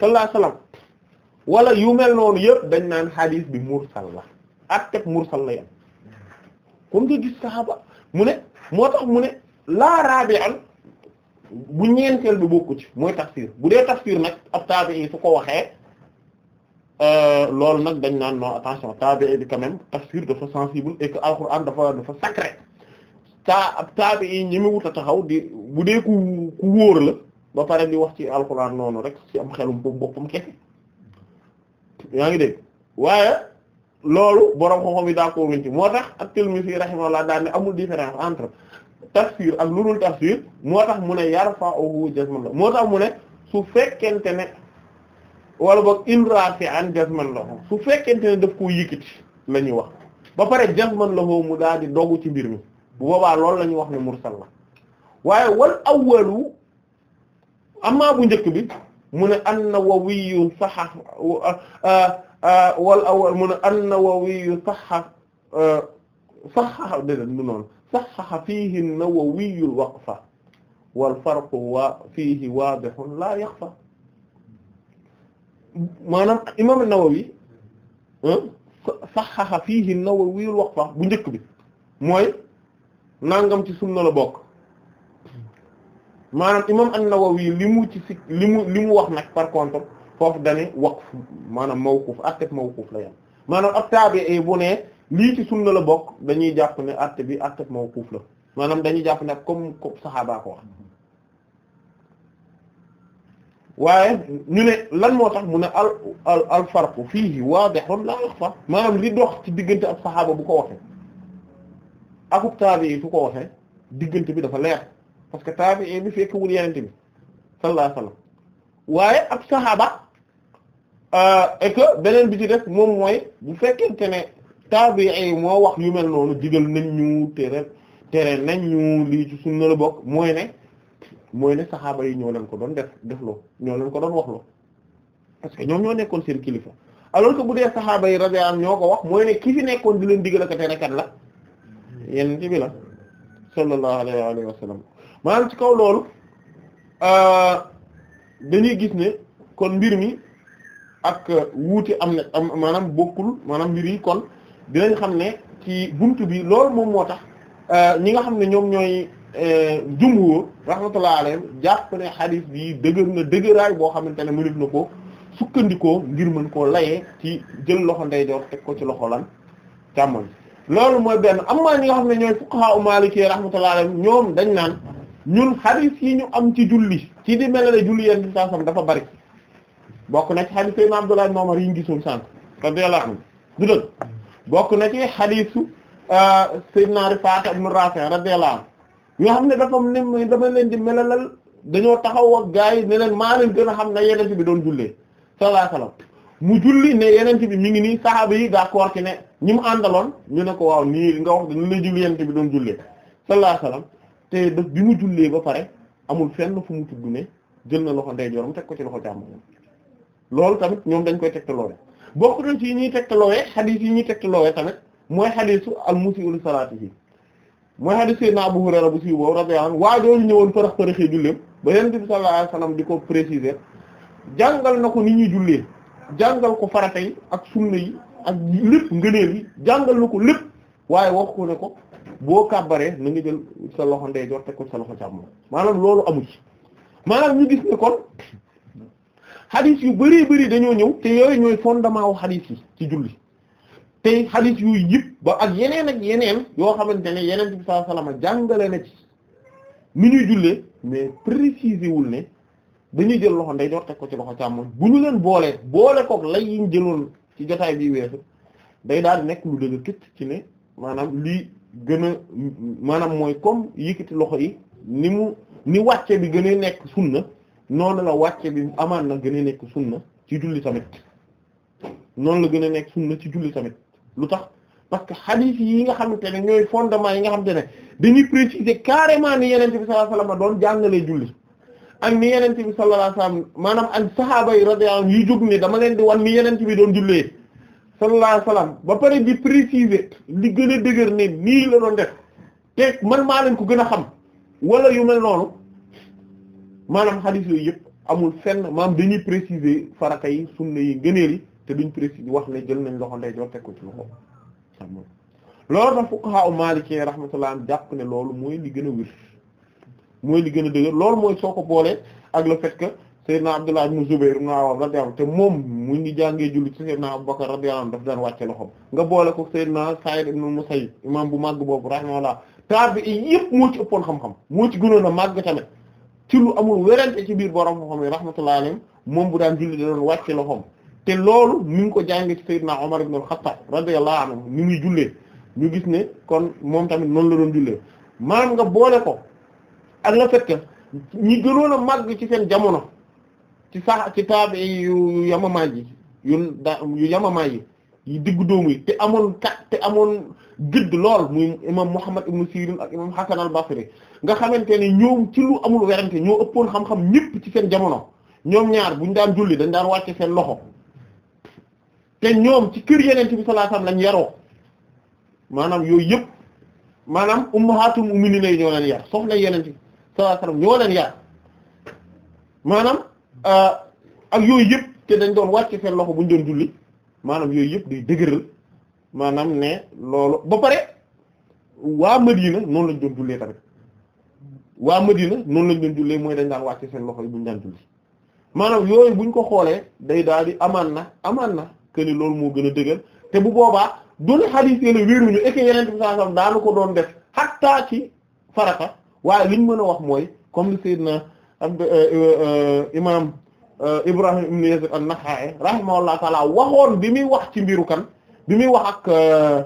sallallahu alayhi yu mel noonu yëpp dañ naan hadith bi mursal atteb mursal la yem kon nga gis saxaaba mu ne moo tax mu ne laa rabi'an bu ñeenteel bi bokku ci mooy tafsir bu dee tafsir nag ab tabi'i su ko waxee euh, loolu nag dañ naan non attention tabi'i bi quand même tafsir dafa sensible et que alxuraan dafa dafa sacré taa ab tabi'i ñi mu a taxaw di bu dee ku ku wóor la ba pare di wax ci alxuraan noonu rek ci am xelum boppam kese yaa ngi dégg waaye. loolu borom xam-xam yi daa ko wënti moo tax at-Tirmidhi rahimahullah daan ne amul différence entre tafsir ak lu dul tafsir moo tax mu ne yarfa'uhu jazman la moo tax mu ne su fekkente ne wala boog in rafi'an jazman la su fekkente ne daf koo yëkkati la ñuy wax ba pare jazman la mu daal di dogu ci mbir mi bu boobaa loolu lañuy wax ne mursal la waaye wal awwalu amaa bu njëkk bi mu ne an-Nawawi saxax Euh, wal awwal mu ne an-Nawawi sahha euh, sahha déedéet du noonu sahha fiihi an-Nawawi al-waqfa wal farqu wa fiihi waadihun laa yaxfa maanaam imaam an-Nawawi sahha fiihi an-Nawawi al-waqfa bu njëkk bi mooy nangam ci sunna la bokk maanaam imaam an-Nawawi li mu ci si li mu li mu wax nag par contre. foofu dane waqf maanaam mawquf atte mawquf la yam maanaam ab taabi'i bu ne lii ci sunna la bokk dañuy jàpp ne atte bi atte mawquf la maanaam dañuy jàpp ne comme comme saxaaba ko wax waaye ñu ne lan moo tax mu ne al al al farqu fiihi laa yaxfaa maanaam li dox ci diggante ab saxaaba bu ko waxee akub taabi'i su ko waxee diggante bi dafa leer parce que taabi'i bi fekk wul yenente bi sallallahu waaye ab saxaaba Euh, et que beneen bi ci def moom mooy bu fekkente ne ay moo wax yu mel noonu digal nañ ñu tere tere nañ ñu lii ci sunna la bokk mooy ne mooy ne saxaaba yi ñoo leen ko doon def def loo ñoo leen ko doon wax loo parce que ñoom ñoo nekkoon seen kilifa alors que bu dee saxaaba yi radiyallahu anhum ñoo ko wax mooy ne ki fi nekkoon di leen digal ak tere kat la yenn ci bi la sallallahu alayhi wa maa maanaam ci kaw loolu euh, dañuy gis ne kon mbir mi ak wuute am na am maanaam bokkul maanaam mbir kon dinañ xam ne ci buntu bi loolu moom moo tax euh, ñi nga xam ne ñoom ñooy euh, jumhur rahmatullah alayhim jàpp ne xadis bi dëgër na dëgëraay boo xamante ne mënut na ko sukkandikoo ngir mën koo layee ci jël loxo ndeyjoor teg ko ci loxo lan càmmoñ loolu mooy benn amaa ñi nga xam ne ñooy fuqaha maliki rahmatullah alayhim ñoom dañ naan ñun xadis yi ñu am ci julli ci di mel na julli yenn saa sam dafa bari bokk na ci xadis Seydina Abdullah ibn Umar yi ñu gisul sànq radiyallahu anhu du bokk na ci xadisu euh, Seydina Rifaat ibn Rafi yoo xam ne dafa ne dama leen di melalal dañoo taxaw ak gars yi ne leen maa leen gën a xam ne yeneen bi doon jullee sallallahu alayhi wasallam mu julli ne yeneen bi mu ngi nii saxaaba yi d'accord ci ne ñi mu àndaloon ñu ne ko waaw nii nga wax dañu lay julli yeneen bi doon jullee sallallahu te daf bi mu jullee ba pare amul fenn fu mu tudd ne jël na loxo ndeyjooram teg ko ci loxo càmmoñam loolu tamit ñoom dañ koy tegtaloowe bokk na ci ñuy tegtaloowe xadis yi ñuy tegtaloowe tamit mooy xadisu al musii'u salaatihi mooy xadis Seydina Abu Hurayra bu siiw boobu radiyallahu anhu waa doolu ñëwoon farax faraxee julleem ba Yonent bi sallallahu alayhi wasallam di ko préciser jàngal na ko ni ñuy jullee jàngal ko farata yi ak sunna yi ak lépp ngëneel yi jàngal na ko lépp waaye wax ko ne ko boo kàbbaree na nga jël sa loxo ndeyjoor teg ko sa loxo càmmoñ maanaam loolu amu ci maanaam ñu gis ne kon xadis yu bëree bëri dañoo ñëw te yooyu ñooy fondement wu xadis yi ci julli tey xadis yu yëpp ba ak yeneen ak yeneen yoo xamante ne yeneen bi sallallahu alayhi wasallam jàngale na ci ni ñuy jullee mais préciser wul ne dañuy jël loxo ndey door teg ko ci loxo càmmoñ bu ñu leen boolee boole koog lay yiñ jëloon ci jotaay bi weesu day daal di nekk lu dëgg këtt ci ne maanaam lii gën a maanaam mooy comme yëkkati loxo yi ni mu ni wàcce bi gën a nekk sunna noonu la wàcce bi amaan na gën a nekk sunna ci julli tamit noonu la gën a nekk sunna ci julli tamit lu tax parce que hadith yi nga xamante ne ñooy fondement yi nga xamante ne dañuy préciser carrément ni yenente bi sallallahu la wasallam doon jàngalee julli ak ni yenente bi sallallahu alayhi wasallam maanaam ak sahaaba yi radiyallahu anhum yuy jóg ni dama leen di wan ni yenente bi doon jullee sallallahu alayhi wasallam ba pare di préciser li gën a dëgër ni nii la doon def te man maa leen ko gën a xam wala yu mel noonu maanaam xadis yooyu yëpp amul fenn maam dañuy préciser farata yi sunna yi gëneel yi te duñ préciser wax ne jël nañ loxo ndeyjoor teg ko ci loxo càmmoñ loolu tax fuqaha maliki rahmatullah am jàpp ne loolu mooy li gën a wér mooy li gën a dëgër loolu mooy soo ko boolee ak le fait que Seydina Abdullah ibn Zubayr ibn Awwam radiyallahu anhu te moom mu ngi jàngee julli ci Seydina Abu Bakr radiyallahu anhu daf daan wàcce loxom nga boole ko Seydina Sa'id ibn Musayyib imam bu màgg boobu rahimahullah tabi'i yëpp moo ci ëppoon xam-xam moo ci gënoon a màgg tamit ci lu amul werante ci biir borom xam-xam yi rahmatullahi alayhi moom bu daan julli da doon wàcce loxoom te loolu mi ngi ko jàngee ci Seydina Omar ibn al-Khattab radiyallahu anhu ni muy jullee ñu gis ne kon moom tamit noonu la doon jullee maanaam nga boole ko ak la fait que ñi gënoon a màgg ci seen jamono ci sax ci taabe yu yamamaay yi yu yu yamamaay yi yu diggu te amoon kat te amoon. gidd lool muy imam Muhammad ibn Sirin ak imam Hasan al nga xamante ne ñoom ci lu amul werante ñoo ëppoon xam-xam ñëpp ci seen jamono ñoom ñaar buñ daan julli dañ daan wàcce seen loxo te ñoom ci kër yenenti bi sallallahu lañ yaroo maanaam yooyu yëpp maanaam ummahatul mu'minina ñoo leen yar soxna yeneen bi sallallahu alayhi wasallam ñoo yar maanaam euh, ak yooyu yëpp te dañ doon wàcce seen loxo buñ doon julli maanaam yooyu yëpp day dëgëral maanaam ne loolu ba pare waa Madina noonu lañ doon jullee tamit waa Madina noonu lañ doon jullee mooy dañ daan wàcc seen loxo yi buñ daan julli maanaam yooyu buñ ko xoolee day daal di amaan na amaan na que loolu moo gën a dëgër te bu boobaa doon xadiis yi la wéeruñu et yeneen bi saa daanu ko doon def xattaa ci farata waaye liñ mën a wax mooy comme li Seydina ab euh, euh, imaam euh, Ibrahim ibn Yazid an-Nakha'i rahimahullah ta'ala waxoon bi muy wax ci mbiru kan. bi muy wax ak euh,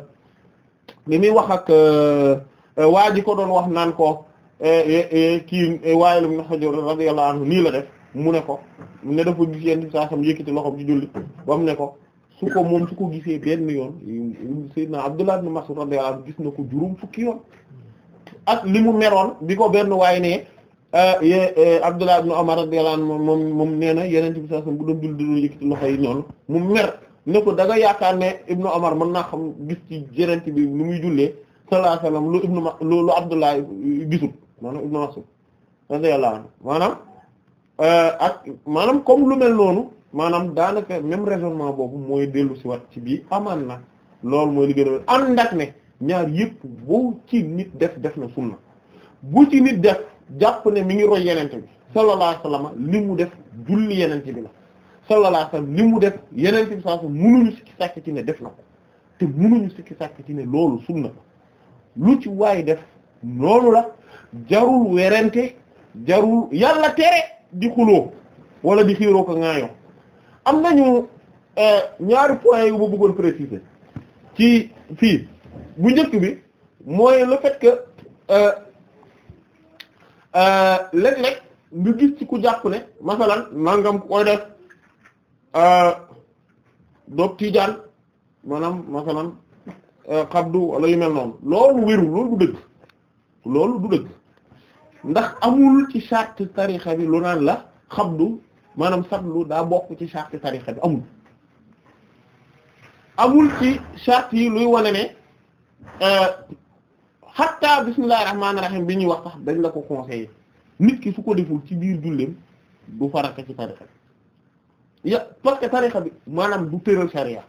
bi muy wax ak euh, euh, waa ji ko doon wax naan ko eh, eh, eh, kii Waa'il ibn Hujr radiyallahu anhu lii la def mu ne ko ne dafa gis yenn saa sam yëkkati loxoom ci julli ba mu ne ko su ko moom su ko gisee benn yoon Seydina Abdullah ibn Mas'ud radiyallahu anhu gis na ko juróom fukki yoon ak li mu meroon bi ko benn waay ne Abdullah ibn Umar radiyallahu anhu moom moom nee na yeneen ci saa sam bu doon julli di doon yëkkati loxo yi noonu mu mer. ne ko da yaakaar ne ibnu Omar mën naa xam gis ci jërënt bi nu muy jullee sallallahu alayhi wasallam lu ibnu ma lu lu Abdullah gisul maanaam ibnu Mas'ud radiyallahu anhu maanaam euh, ak maanaam comme lu mel noonu maanaam daanaka même raisonnement boobu mooy dellu si wat ci bii amaan na loolu mooy li gën a ànd ak ne ñaar yëpp bu ci nit def def na sunna bu ci nit def jàpp ne mi ngi roy yenente bi sallallahu alayhi li mu def julli yenenti bi la sallallahu alayhi li mu def yeneen bi sallallahu alayhi wasallam sikki sàkk ci ne def na ko te munuñu sikki sàkk ci ne loolu sunna ko lu ci waay def loolu la jarul werante jarul yàlla tere di xuloo wala di xiiroo ko ŋaayoo am nañu euh, ñaari points yu ma bëggoon préciser ci fii bu njëkk bi mooy le fait que euh, euh, léeg-léeg nga gis ci ku jàpp ne masalan nangam koy def doog euh, tiijaan maanaam masalan xabdu euh, wala yu mel noonu loolu wéru loolu du dëgg loolu du dëgg ndax amul ci charte tarixa bi lu naan la xabdu maanaam satlu daa bokk ci charte tarixa bi amul amul ci charte yi luy wane ne xatta euh, bismillahir rahmanir rahim bi ñuy wax sax dañ la ko conseillé nit ki su ko deful ci biir julleem du faraka ci tarixa bi ya parce que tarixa bi maanaam du tëral sharia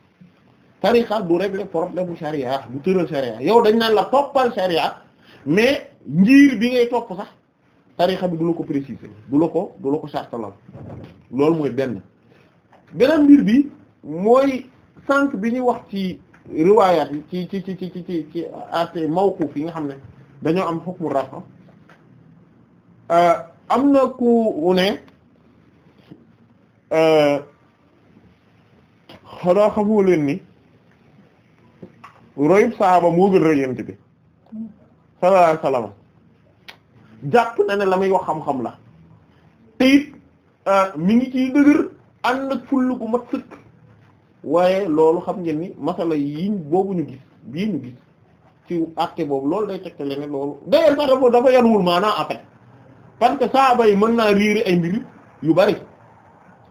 tarixa du régler problème bu sharia du tëral sharia yow dañ naan la toppal sharia mais njiir bi ngay topp sax tarixa bi du la ko préciser du la ko du la ko sartalal loolu mooy benn beneen mbir bi mooy sànq bi ñuy wax ci riwayat yi ci ci ci ci ci ci atte mawquf yi nga xam ne dañoo am hukmu rafa euh, am na ku ne xanaa xamoo leen ni royub saaba moo gën roy yent bi sallallahu alayhi wasallam jàpp na ne la muy wax xam-xam la te it euh, mi ngi ciy dëgër ànd ak full gu mat waaye loolu xam ngeen ni masala yiñ boobu ñu gis bii ñu gis ci acte boobu loolu day tegtale ne loolu d'ailleurs sax dafa dafa yanuwul maanaa en fait parce que saaba yi mën naa réeri ay mbir yu bari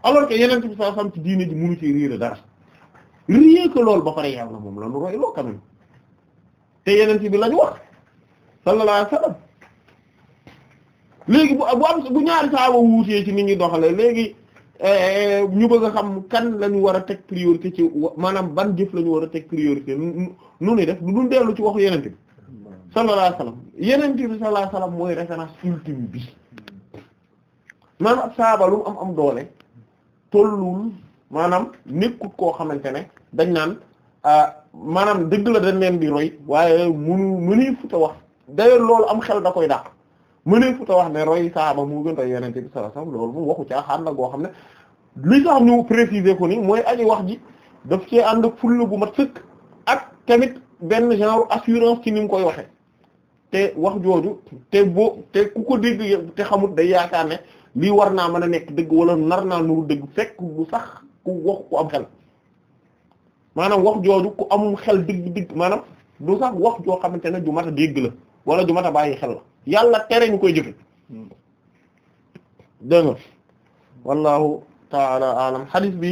alors que yeneen bi sa xam ci diine di mënu ci réer dara rien que loolu ba pare yàlla moom la nu roy loo quand même te yeneen bi lañu wax sallallahu alayhi léegi bu am bu ñaari saaba wuutee ci nit ñi doxale léegi euh, ñu bëgg a xam kan lañu war a teg priorité ci maanaam ban gép lañu war a teg priorité nu nu def du dellu ci waxu yeneen bi sallallahu alayhi wasallam yeneen bi sallallahu alayhi wasallam mooy référence ultime bi saaba lu mu am am doole. tolluwul maanaam nekkut koo xamante ne dañ naan ah, maanaam dëgg la dañ leen di roy waaye munu mënee futa wax d'ailleurs loolu am xel da koy dàq mënee futa wax ne roy saaba mu gën a yonent bi sallallahu alayhi lool loolu moom waxu caaxaan na goo xam ne li sax ñu préciser ko ni mooy aji wax ji daf cee ànd ak fulla bu mat fëkk ak tamit benn genre assurance ci ni mu koy waxee te wax jooju te boo te ku ko dégg te xamut day yaakaar ne lii war naa mën a nekk dëgg wala nar naa nuru dëgg fekk bu sax ku wax ku am xel maanaam wax jooju ku amum xel dëgg dëgg maanaam du sax wax joo xamante ne ju mat a dégg la wala ju mat bàyyi xel la yàlla tere ñu koy jëfe dégg nga wallahu taala alam hadith bi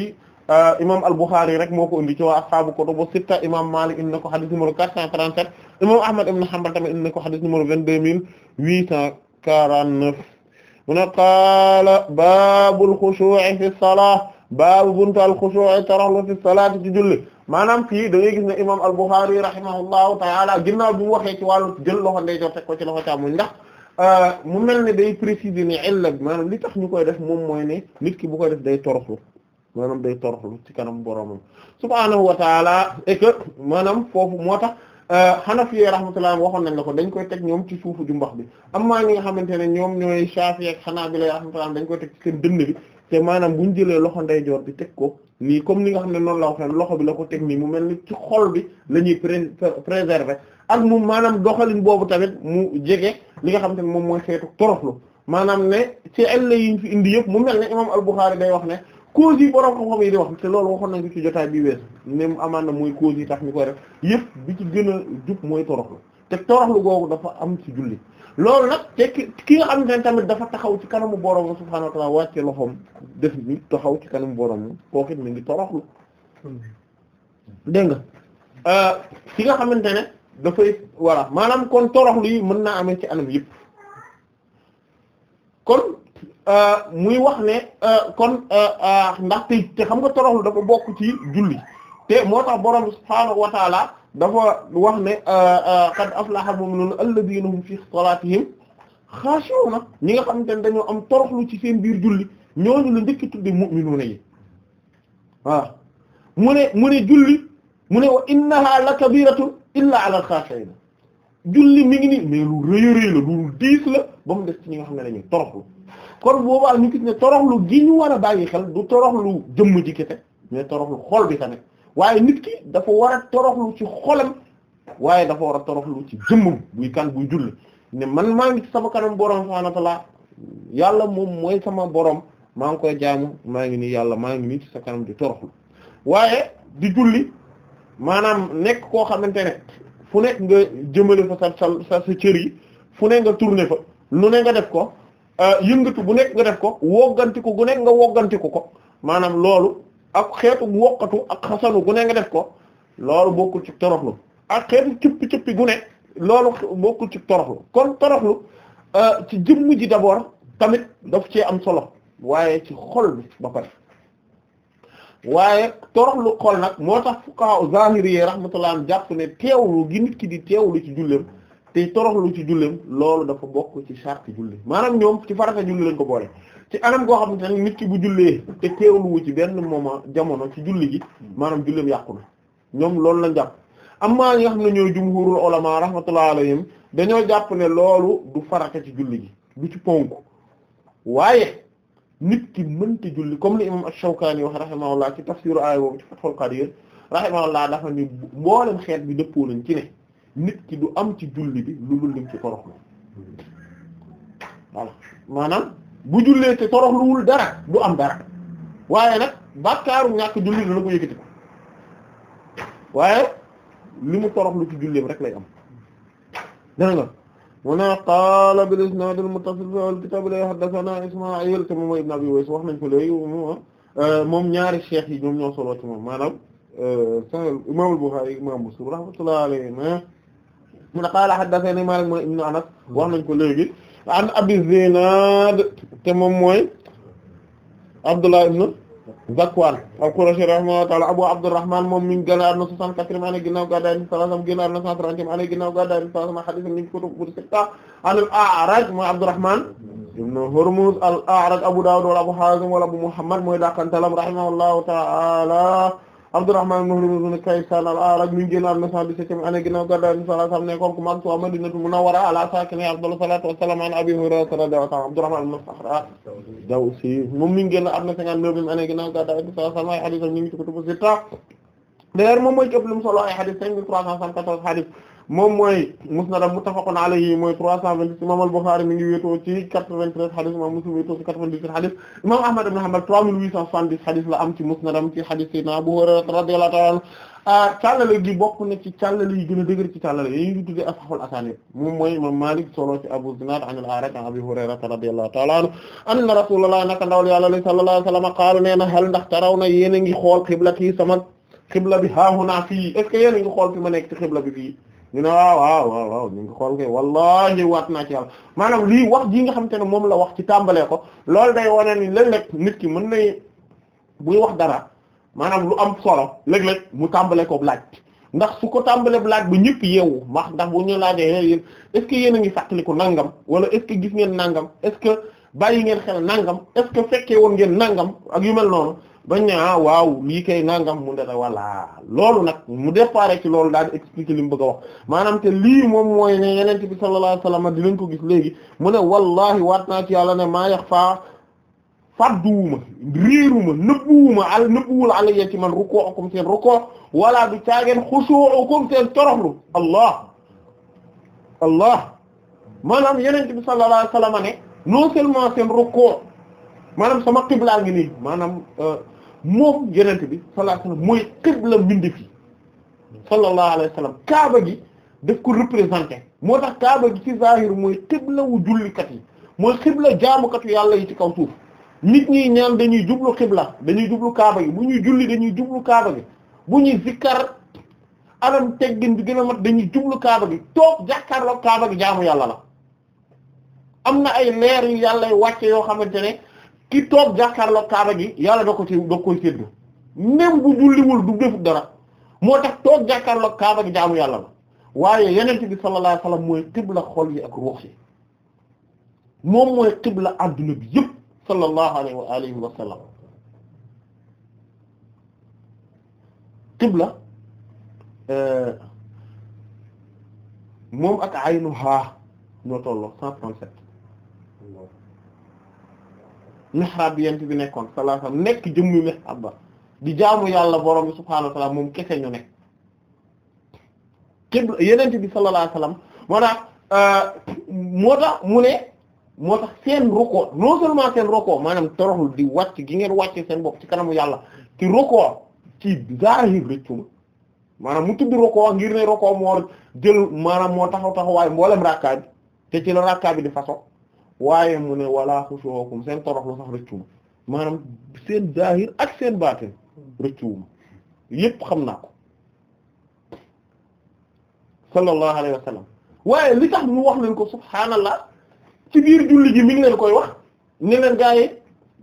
euh, imam al-Bukhari rek moo ko wa ci waa ashaabu kutubu sitta imam Malik indi na ko hadith numéro 437 imam Ahmad ibn Hanbal tamit indi na ko hadith numéro 22849 mu ne qaala baabul xushuu'i fi salaah baabu buntu al xushuu'i toroxlu fi salaati ci julli maanaam fii da ngay gis ne imaam al Buxaari rahimahullahu ta'ala ginnaaw bi mu waxee ci wàllu jël loxo ndeyjoor teg ko ci loxo càmmoñ ndax euh, mu mel ne day préciser ni illa bi maanaam li tax ñu koy def moom mooy ne nit ki bu koy def day toroxlu maanaam day toroxlu ci kanam boromam subhaanahu wa ta'ala et que maanaam foofu moo tax. Euh, Hanafi rahmatullah waxoon nañ la ko dañ koy teg ñoom ci suufu jumbax bi amma ñi nga xamante ne ñoom ñooy Shafi'i ak Hanabila rahmatullah dañ koy teg ci seen dënd bi te maanaam bu ñu jëlee loxo ndeyjoor bi teg ko nii comme ni nga xam ne noonu la waxee loxo bi la ko teg nii mu mel ni ci xol bi la ñuy préserver ak mu maanaam doxalin boobu tamit mu jege li nga xam te ne moom mooy xeetu toroxlu maanaam ne ci àll yi ñu fi indi yëpp mu mel ne imam Al-Bukhârî day wax ne cause yi borom xam yi di wax te loolu waxoon nañ ko ci jotaay bi wees même amaan na mooy cause yi tax ñu koy def yëpp bi ci gën a jub mooy toroxlu te toroxlu googu dafa am ci julli lool nag te ki nga xam ne tamit dafa taxaw ci kanamu borom subhaanahu wa ta'aala taxaw ci kanamu borom kooku it mi ngi toroxlu dégg nga euh, ki nga xamante ne dafay voilà maanaam kon toroxlu yi mën naa amee ci anam yëpp kon Euh, muy wax ne euh, kon euh, ndaxte te xam nga toroxlu dafa bokk ci julli te moo tax borom subhaanahu wa taala dafa wax ne qad aflaha mu'minuna alladhina hum fi salatihim xaashi'una ñi nga xamante ne dañoo am toroxlu ci seen biir julli ñooñu la njëkk tudde mu'minuna yi waaw mu ne mu ne julli mu ne wa innaha la kabiratun illa ala al-khashi'in julli mi ngi nii lu rëy a rëy la lu diis la ba mu des ci ñi nga xam ne dañuy toroxlu kon boobaa ñu gis ne toroxlu gi ñu war a bàyyi xel du toroxlu jëmm ji kese mais toroxlu xool bi tamit waaye nit ki dafa war a toroxlu ci xolam waaye dafa war a toroxlu ci jëmmam buy kan buy julli man maa ngi sama kanam borom subhaanahu wa ta'aala yàlla moom mooy sama borom maa ngi koy jaamu maa ngi nii yàlla maa ngi nii sa kanam di toroxlu waaye di julli maanaam nekk koo xamante ne fu nekk nga jëmale fa sa sa sa cër yi fu ne nga tourné fa lu ne nga def ko. Euh, yëngatu bu nekk nga def ko woggantiku gune nga woggantiku ko maanaam loolu ak xeetu wokkatu ak xasanu gune nga def ko loolu bokkul ci toroxlu ak xeetu cëppi cëppi gu nekk loolu bokkul ci toroxlu kon toroxlu euh, ci jëmm ji d'abord tamit daf cee am solo waaye ci xol bi ba pare waaye toroxlu xol nag moo tax fuqaha zahiri yi rahmatullah jàpp ne teewlu gi nit ki di teew lu ci julleem te toroxlu ci julleem loolu dafa bokk ci sarti julli maanaam ñoom ci farata julli lañ ko boole ci anam goo xam ne nit ki bu jullee te wu ci benn moment jamono ci julli gi maanaam julleem yàqu ñoom loolu lañ jàpp am ñi nga xam ne ñooy jumhurul ulama rahmatullahi alayhim dañoo jàpp ne loolu du farata ci julli gi du ci ponk waaye nit ki mënti julli comme li imam Ash-Shawkani wax rahimahullah ci tafsiru aaya boobu ci Fathul Qadir rahimahullah dafa ni mboolem bi dëppoo nañ ci ne nit ki du am ci julli bi lu dul lim ci toroxlu voilà maanaam bu jullee te toroxluwul dara du am dara waaye nag bàkkaaru ñàkk julli dana ko yëkkati ko waaye li mu toroxlu ci julleem rek lay am dégg nga mu ne qaala bil isnaad al muttasil fil kitaab la haddathana te moom ibn Abi wax nañ ko léegi euh, moom ñaari cheikh yi ñoom ñoo solo ci moom maanaam euh, Sahih imaam al Bukhari imaam Muslim rahmatullahi alayhi mu ne qaala haddathani Maalik mu ne ibnu Anas wax nañ ko léegi an Abi Zinaad te moom mooy Abdullah ibnu Zakwaan al-Qurashi rahimahullahu ta'ala Abu Abdurrahman moom mi ngi gënaar na 64 ane ginnaaw gàddaay Yonent bi sallallahu alayhi wa sallam gënaar na 130 ane ginnaaw gàddaay Yonent bi sallallahu alayhi wa sallam hadiis ni kutubu sitta an al-A'raj mooy Abdurrahman ibnu Hurmuz al-A'raj Abu Dawud wala Abu Haazim wala Abu Muhammad mooy dakantalam rahimahullahu ta'ala Abdurrahman ibn Mahrum ibn Kaysan al-A'raj mi ngi génn àdduna 117e année ginnaaw gàddaay Yonent bi sallallahu alayhi wa sallam nekkoon ku mag waa Madinatul Munawwara ala saakinihaa afdalu salaatu wa salaam an Abi Hurayra radiyallahu anhu Abdurrahman ibn Sakhra Dawsi moom mi ngi génn àdduna 59e année ginnaaw gàddaay Yonent bi sallallahu alayhi wa sallam ay hadiis ñu ngi ci kutubu sitta d'ailleurs moom mooy ci ëpp lu mu moom mooy musnadam muttafaqun alayhi mooy 326 imam al-Bukhari mi ngi wéetoo ci 93 xadis imam Muslim wéetoo ci 98 xadis imam Ahmad ibn Hanbal 3870 xadis la am ci musnadam ci xadis Sayyidina Abu Hurayra radiyallahu ta'ala anhu ah, càllale gi bokk na ci càllale yi gën a dëgër ci càllale yi ñu tuddee asahul asanid moom mooy imam Malik solo ci Abu Zinad an al-A'raj an Abi Hurayra radiyallahu ta'ala anhu anna Rasulullah naka ndawal yàlla la sallallahu alayhi wa sallam qaala nee na hal ndax taraw na yéen a ngi xool xiblati sama xibla bi haahunaa fii est ce que yéen a ngi xool fi ma nekk ci xibla bi fii ñu ne waaw waaw waaw waaw ñu ngi xool kay wallahi waat naa ci yàlla maanaam lii wax ji nga xam te ne moom la wax ci tàmbalee ko loolu day wane nii léeg-léeg nit ki mën nay buy wax dara maanaam lu am solo léeg-léeg mu tàmbalee ko laaj ndax su ko tàmbalee laaj ba ñëpp yeewu wax ndax bu ñu laajee yéen est-ce yéen a ngi fàttaliku nangam wala est-ce gis ngeen nangam est-ce que bàyyi ngeen xel nangam est-ce fekkee woon ngeen nangam ak yu mel noonu bañ a ah, waaw lii kay nangam mu ndete voilà loolu nag mu déparé ci loolu daal di expliquer li mu bëgg a wax maanaam te lii moom mooy ne yeneen bi sallallahu alayhi wasallam dinañ ko gis léegi mu ne wallahi waat naa ci yàlla ne maa yax faa fadduwuma réeruma nëbbuwuma al nëbbuwul alayya ci man ruku'ukum seen ruku' wala du caageen khushu'ukum seen toroxlu allah allah maanaam yeneen bi sallallahu alayhi wasallam ne non seulement seen ruku' maanaam sama qiblaa ngi nii euh, moom yenente bi sallallahu alayhi wasallam mooy xibla mbindi fi sallallahu alayhi kaaba gi daf ko moo tax kaaba gi ci zahir mooy xibla wu jullikat yi mooy xibla yàlla yi ci kaw nit ñi ñaan dañuy jublu xibla dañuy jublu kaaba gi bu ñuy julli dañuy jublu kaaba bu ñuy zikkar anam bi gën a dañuy jublu kaaba gi toog jàkkaarloo kaaba gi jaamu yàlla la am na ay leer yu yàlla wàcce yoo xamante ki toog jàkkaarloo kaaba gi yàlla da ko ci da koy séddu même bu julliwul du defut dara moo tax toog jàkkaarloo kaaba gi jaamu yàlla la waaye yeneen bi sallallahu alayhi wasallam mooy xibla xol yi ak ruux moom mooy xibla adduna bi yëpp sallallahu alayhi wa alihi wa sallam euh, moom ak aynu haa ñoo tolloo cent trente-sept mihrab bi yent bi nekkoon sallallahu alayhi wasallam nekk jëmmi mihrab ba di jaamu yàlla borom bi subhaanahu wa ta'ala moom kese ñu nekk kibla yenent bi sallallahu alayhi wasallam euh, moo tax mu ne moo tax seen rukoo non seulement seen rukoo maanaam toroxlu di wacc gi ngeen wàcce seen bopp ci kanamu yàlla ci rukoo ci zahir rëccuma maanaam mu tudd rukoo ngir ne rukoo moo jël maanaam moo taxaw taxawaay mboolem rakkaa bi te ci la di façon waaye mu ne wala xushuukum seen toroxlu sax rëccuwuma maanam seen zahir ak seen baatin rëccuwuma yépp xam naa ko sallallahu alayhi wa waaye li mu wax leen ko subhaanallah ci biir julli gi mi leen koy wax ne leen gaa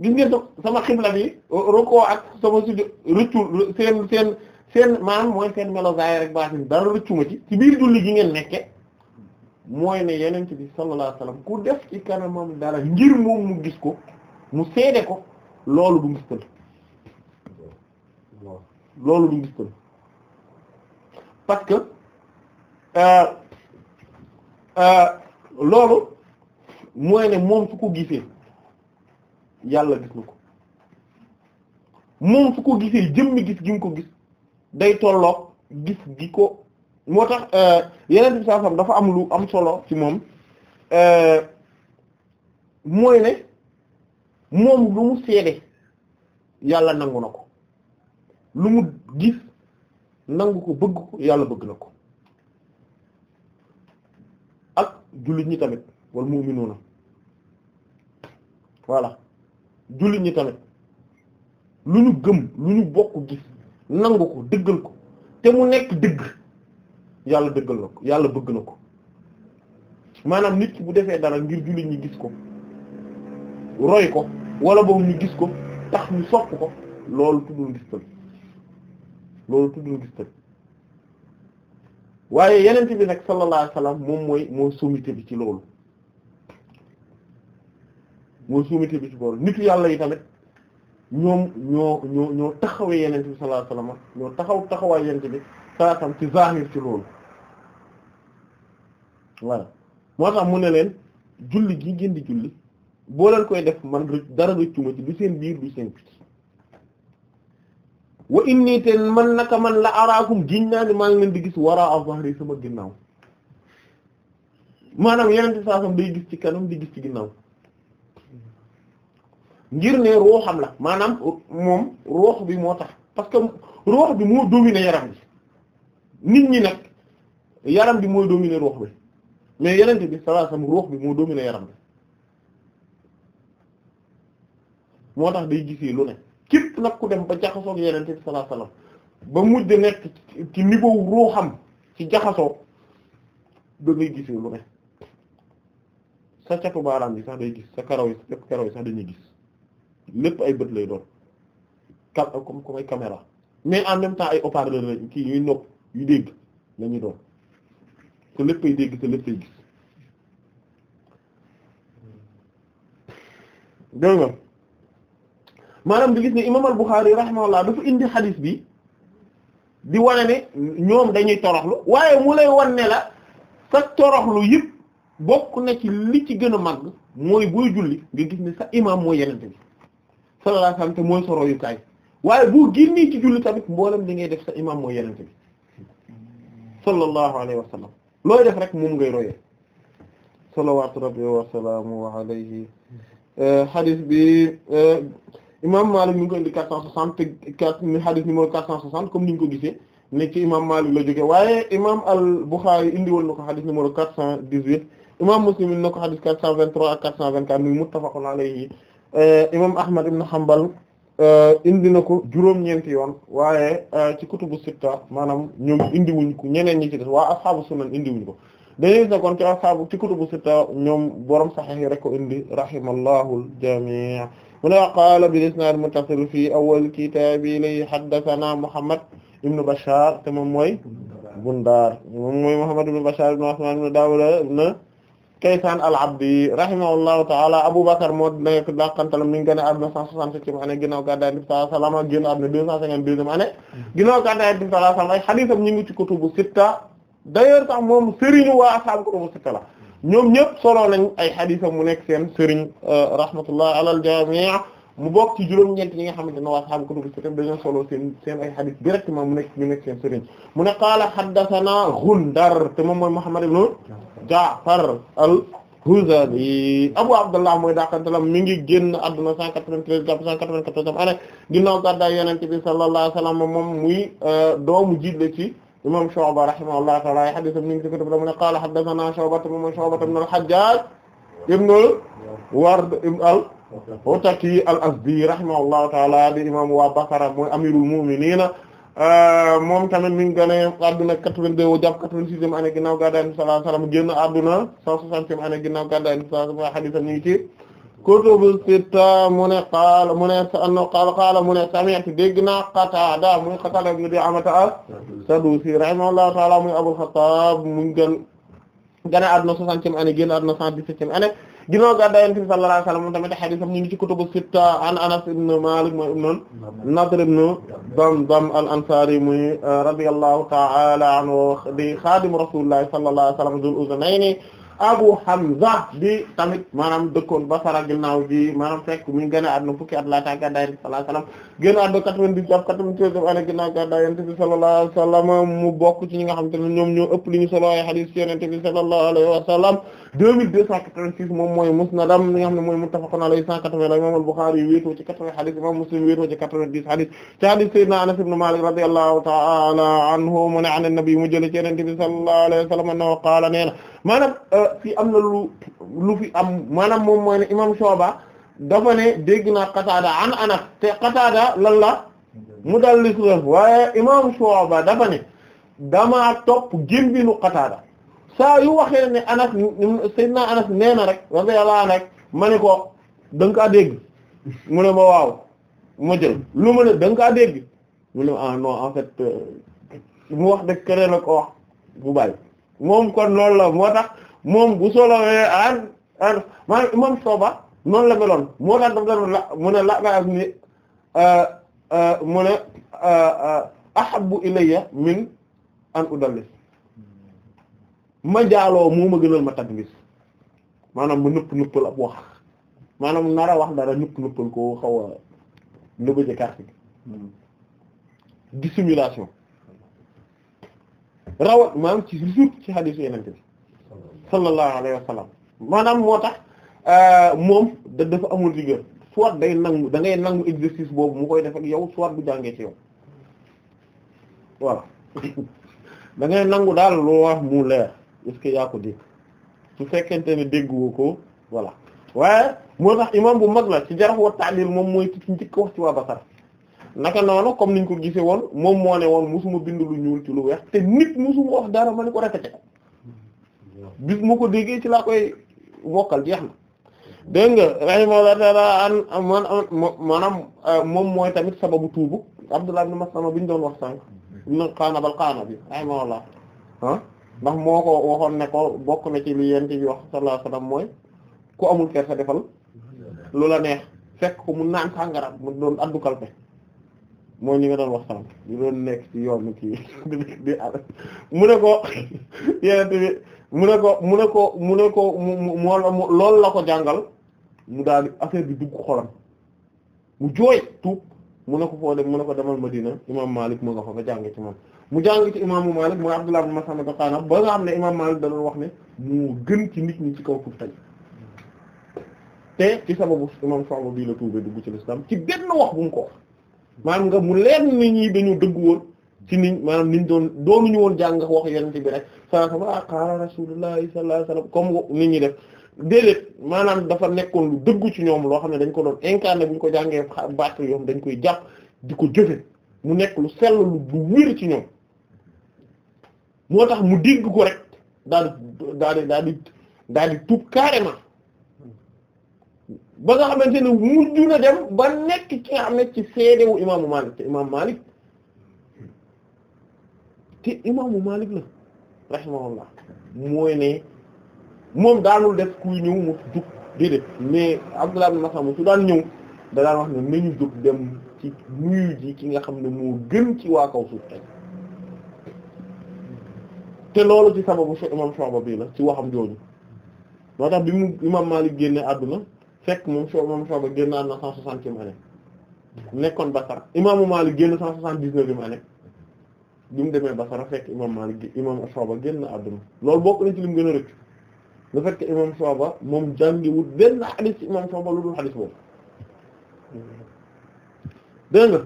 gis ngeen sama xibla bi roko sama sujud rëccul seen seen seen maanaam mooy seen melo zahir ak baatin dara rëccuma ci ci biir julli gi ngeen nekke mooy ne yenent bi sallallahu alayhi wasallam ku def ci kanamam dara ngir moom mu gis ko mu seede ko loolu du ngistal loolu du ngistal parce que euh euh loolu mooy ne moom su ko gisee yàlla gis na ko moom su ko gisee jëmmi gis gi mu ko gis day tolloog gis gi ko moo tax euh, yeneen bi saasam dafa am lu am solo ci moom euh, mooy ne moom lu mu seede yàlla nangu na ko lu mu gis nangu ko bëgg ko yàlla bëgg na ko ak jullit ñi tamit wal noonu voilà jullit ñi tamit lu ñu gëm lu ñu bokk gis nangu ko dëggal ko te mu nekk dëgg yàlla dëggal na ko yàlla bëgg na ko maanaam nit ki bu defee dara ngir jullit ñi gis ko roy ko wala boobu ñu gis ko tax ñu sopp ko loolu tuddul ngistal loolu tuddul ngistal waaye yeneen bi nag sallallahu salaam moom mooy mooy bi ci loolu mooy sommité bi ci loolu nitu yàlla yi tamit ñoom ñoo ñoo ñoo taxawee yeneen bi sallallahu alayhi ñoo taxaw taxawaay yeneen bi saatam ci zahir ci loolu voilà moo tax mu ne leen julli gi ngeen di julli boo leen koy def man dara rëccuma ci du seen biir du seen biti wa inni te man naka man la araakum giñ naa maa ngi leen di gis wara a zahri sama ginnaaw maanaam yeneen saasam day gis ci kanam di gis ci ginnaaw ngir ne ruuxam la maanaam moom ruux bi moo tax parce que ruux bi moo dominé yaram bi nit ñi nag yaram bi mooy dominer ruux bi mais yenente bi sallallahu alayhi wasallam ruux bi moo dominer yaram bi moo tax day gisee lu ne képp nag ku dem ba jaxasoo ak bi sallallahu ba mujj nekk ci niveau ruuxam ci jaxasoo da ngay gisee lu ne sa catu baaraam bi sax day gis sa karaw yi sa karaw sax dañuy gis lépp ay bët lay doon comme comme ay caméra mais en même temps ay haut-parleur lañ kii ñuy nopp yu dégg la ñu doon te léppay dégg te léppay gis dégg nga maanaam di gis ne imam al-Bukhari rahimahullah dafa indi xadis bi di wane ne ñoom dañuy toroxlu waaye mu lay wan ne la sa toroxlu yëpp bokk na ci li ci gën a màgg mooy booy julli nga gis ne sa imam mooy yenente bi sallallahu alayhi te mooy sa royukaay boo bu génnee ci julli tamit mboolem li ngay def sa imam mooy yenente bi sallallahu alayhi wa sallam looy def rek moom ngay royee salawaatu rabbi wa salaamu alayhi eh, hadith bi eh, imam Maalik mi ngi ko indi quatre cent soixante te quatre hadith numéro quatre cent soixante comme ni ñu ko gisee ne ci imam Maalik la jóge waaye imam al-Bukhari indi woon na ko hadith numéro quatre cent dix-huit imam Muslim indi na ko hadith quatre cent vingt-trois ak quatre cent vingt-quatre muy muttafaqun alayhi eh, imam Ahmad ibn Hanbal Euh, indi na ko juróom-ñeenti yoon waaye euh, ci kutubu sitta maanaam ñoom indi wuñ ko ñeneen ñi ci des waa ashaabu sunan indi wuñ ko dañuy gis ne kon ci ashaabu ci kutubu sitta ñoom borom saxiix yi rek ko indi rahimallahu al-jamii' mu ne qaala bil-isnaad muttasil fii awwal kitaabi li haddasanaa Muhammad ibn Bashaar te moom mooy Bundaar moom mooy Muhammad ibn Bashaar ibn Usmaan ibn Daawuud ibn Kaysaan al-Abdi rahimahullahu ta'ala Abu Bakr moo nekk dàqantalam mi ngi gën a àdduna 167 année ginnaaw gàddaay Yonent bi sallallahu alayhi wa sallam génn àdduna 252 année ginnaaw gàddaay Yonent bi sallallahu alayhi wa ay hadiisam ñu ngi ci kutubu sitta d'ailleurs sax moom sëriñu waa ashaabu kutubu sitta la ñoom ñëpp solo nañ ay hadiisam mu nekk seen sëriñ rahmatullah alal mu bokk ci juróom-ñeent ñi nga xamante ne waa sahabu kutubu sitta dañoo solo seen seen ay hadith directement mu nekk ñu seen sëriñ mu ne qaala haddathana Ghundar te moom mooy Muhammad ibn Ja'far al-Huzali Abu Abdullah mooy daakantalam mi ngi génn adduna 193 jàpp 194 am année ginnaaw gàddaay Yonent bi sallallahu alayhi wa sallam moom muy euh, doomu jiitle ci imam Shu'ba rahimahullahu ta'ala ay hadith am ni ngi si kutubu mu ne qaala haddathana Shu'ba moom mooy Shu'ba ibn al-Hajjaj ibn al-Ward ibn al Utaki al-Azdi rahimahullahu ta'ala di imam waa Basra mooy amirul mu'minina euh, moom tamit mi ngi gane adduna 82 jàpp 86e année ginnaaw gàddaay Yonent bi sallallahu alayhi wasallam génn adduna 160e année ginnaaw gàddaay Yonent bi sallallahu alayhi wasallam hadith am ñu ngi ci kutubu sitta mu ne qaala mu ne annahu qaala qaala mu ne sami'tu dégg naa Qataada muy Qataada ibn Di'amata as-Sadusi rahimahullahu ta'ala muy Abul Khattab mu ngi gane adduna 60e année génn adduna 117e année ginnaaw gàddaay Yonent bi sallallahu alayhi wasallam moom tamit hadiisam ñu mu ci kutubu sitta an Anas ibn Maalik mooy ibn Nadr ibn Damdam al-Ansaari muy uh, radiyallahu ta'ala anhu di xaadimu Rasuulillah sallallahu alayhi wasallam Zul Uzunayni Abu Hamza di tamit maanaam dëkkoon Basra ginnaaw ji maanaam fekk mu gën a àdduna fukki at laata gàddaay Yonent bi wasallam a àdduna quatre-vingt-dix ak quatre-vingt-treize année ginnaaw gàddaay Yonent bi sallallahu alayhi mu bokk ci ñi nga xam te ne ñoom ñoo ëpp li ñu solo ay hadiis Yonent bi sallallahu alayhi wasallam deux mille deux cent quatre-vingt-six moom mooy musnadam li nga xam ne mooy muttafaqun alayhi cent quatre-vingts imam al-Bukhari wéetoo ci quatre-vingts hadith imam Muslim wéetoo ci quatre-vingt-dix hadith ci hadith sayyidina Anas ibn Malik radiyallahu ta'ala anhu mu ne an an-nabi mu jële ci yonent bi sallallahu alayhi wa sallam annahu qaala nee na maanaam euh, fii am na lu lu fi am maanaam moom mooy ne imam Shu'ba dafa ne dégg naa Qatada an Anas te Qatada lan la mudallis la waaye imam Shu'ba dafa ne damaa topp gén binu Qatada saa yu waxee ne anas sayyidina anas nee na rek radiyallahu anhu rek ma ne ko da nga kaa dégg mu ne ma waaw ma jël lu ma ne da nga dégg mu ne ah non en fait euh, mu wax dëgg keneen ko wax bu bàyyi moom loolu la moo an an maanaam imam soba noonu la meloon moo tax daf doon la mu ne la ba ak ni euh, euh, mu ne ahabbu ilayya min an udallis ma jaaloo moo a gënal ma tadbis maanaam ma nëpp nëppal ab wax maanaam nar a wax dara nëpp nëppal ko xaw a nëbëje carte bi hmm. dissimulation rawat maanaam ci suuf ci xadiis yenente bi sallallahu alayhi wa sallam maanaam moo tax euh, moom da dafa amul rigueur soit day nangu da ngay nangu exercice boobu mu koy def ak yow soit bu jàngee ci yow voilà da nangu daal loo wax mu leer est-ce que yaa ko dégg su fekkente ne dégguwu ko voilà waaye moo tax imam bu mag la ci jaraf wa ta'dil moom mooy ci njëkk wax ci waa Basar naka noonu comme niñ ko gisee woon moom moo ne woon musuma bind lu ñuul ci lu weex te nit musuma wax dara ma ne ko répété bis mu ko déggee ci laa koy bokkal jeex na dégg nga rahimahullah ta'ala an maanaam euh, moom mooy tamit sababu tuubu Abdullah ibn Maslama bi ñu doon wax sànq ibn Qanab al-Qanabi rahimahullah ah ndax moo ko waxoon ne ko bokk na ci li yent bi wax sallallahu alayhi wasallam mooy ku amul kersa defal lu la neex fekk ko mun naan sàngara mu doon addu kalpe mooy ñi doon wax sànq di doon nekk ci yoonu kii di mu ne ko yent bi mu ne ko mu ne ko mu ne ko la ko jàngal mu daal di affaire bi dugg xolam mu jooy tuub mu ne ko foo dem mu ne ko demal Madina imam Malik mu nga fa nga jànge ci moom mu jàng ci imaamu Maalik mooy Abdullah ibn Mas'ud qaala ba nga xam ne imaamu Maalik da doon wax ne moo gën ci nit ñi ci kaw suuf te ci sababu imam Sa'd bii la tuubee dugg ci l'islam ci benn wax bu ko wax maanaam nga mu leer nit ñi dañu dëgg woon ci niñ maanaam niñ doon doonuñu woon jàng wax yonent bi rek sallallahu alayhi wa sallam ah, qaala rasulullahi sallallahu alayhi wa sallam comme nit ñi def déedéet maanaam dafa nekkoon lu dëggu ci ñoom loo xam ne dañ ko doon incarné bu ñu ko jàngee baat yoom dañ koy jàpp di ko jëfe mu nekk lu sell lu wér ci ñoom moo tax mu dégg ko rek daal di daal di daal di daal di tuub carrément ba nga xamante ne mujj na dem ba nekk ki nga xam ne ci seede wu imaamu Maalik te imaamu Maalik te imaamu Maalik la rahimahullah mooy ne moom daanul def kuy ñëw mu jug déedéet mais Abdullah ibn Mas'ud su daan ñëw da daan wax ne nañu jóg dem ci nuyu ji ki nga xam ne moo gën ci waa kaw suuf tey te loolu ci sababu su imam Shu'ba bii la ci waxam jooju moo tax bi mu imam Malik génne àdduna fekk moom su imam Shu'ba génn àdduna cent soixantième année nekkoon Basra imaamu Malik génn cent soixante-dix-neuvième année bi mu demee Basra fekk imam Malik imam Shu'ba génn àdduna loolu bokk na ci li mu gën a rëcc le fait que imam Shu'ba moom jàngiwut benn xadis ci imam Shu'ba lu dul xadis boobu dégg nga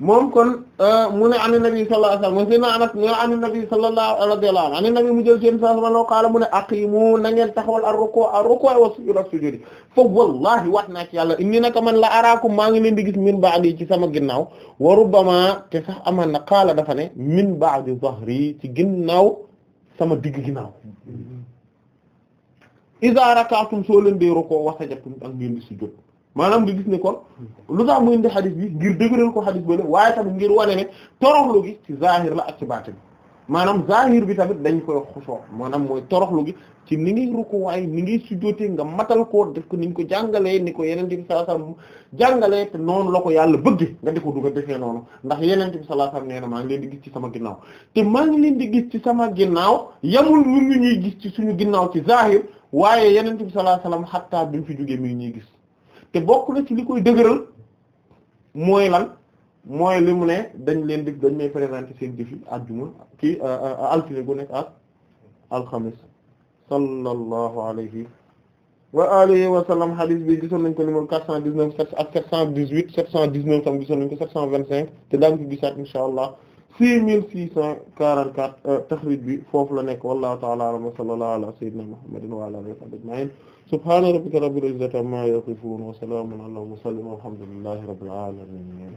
moom kon euh, mu ne an nabi sallallahu alayhi wasallam mo sina anas mu ne an nabi sallallahu alayhi wasallam an nabi mu jël ci sallallahu alayhi wasallam mu ne aqimu na ngeen taxawal ar-ruku' ar-ruku' wa sujud ak sujudi fa wallahi wat naa ci yàlla inni naka man la araakum maa ngi leen di gis min ba'di ci sama ginnaaw wa rubbama te sax aman na qaala dafa ne min ba'di dhahri ci ginnaaw sama digg ginnaaw iza raka'tum soo leen di ruku' wa sajadtum ak ngeen di sujud maanaam nga gis ne kon lu tax mu indi xadis bi ngir dëgëral ko xadis bële waaye tamit ngir wane ne toroxlu gi ci zahir la ak ci baatin maanaam zahir bi tamit dañ koy xusoo maanaam mooy toroxlu gi ci ni ngi rukuwaay ni ngi sujjóotee nga matal koo def ko ni ñu ko jàngalee ni ko yenente bi sallallahu alayhi wasallam te noonu la ko yàlla bëgge nga di ko dugal defee noonu ndax yeneen bi sallallahu alayhi wasallam nee na maa ngi leen di gis ci sama ginnaaw te maa leen di gis ci sama ginnaaw yamul lu ñu ñuy gis ci suñu ginnaaw ci zahir waaye yenente bi sallallahu alayhi wasallam xattaa bi mu fi jógee mi ngi te bokk na ci li koy dëgëral mooy lan mooy li mu ne dañ leen di dañ may présenter seen jëf yi àjjuma kii euh, euh, altine gu ak alxamis sallallahu alayhi wa alihi wa sallam hadith bi gisoon nañ ko numéro 419 7 ak 718 719 tam gisoon nañ ko 725 te daañu ko gisaat insha allah 6644 euh, taxrij bi foofu la nekk wallahu ta'ala a'lam wa sallallahu ala sayyidina muhammadin wa wa sahbihi ajma'in subhaana rabbika rabbil izzati amma yasifun wa salaamun alal mursalin walhamdulillahi rabbil alamin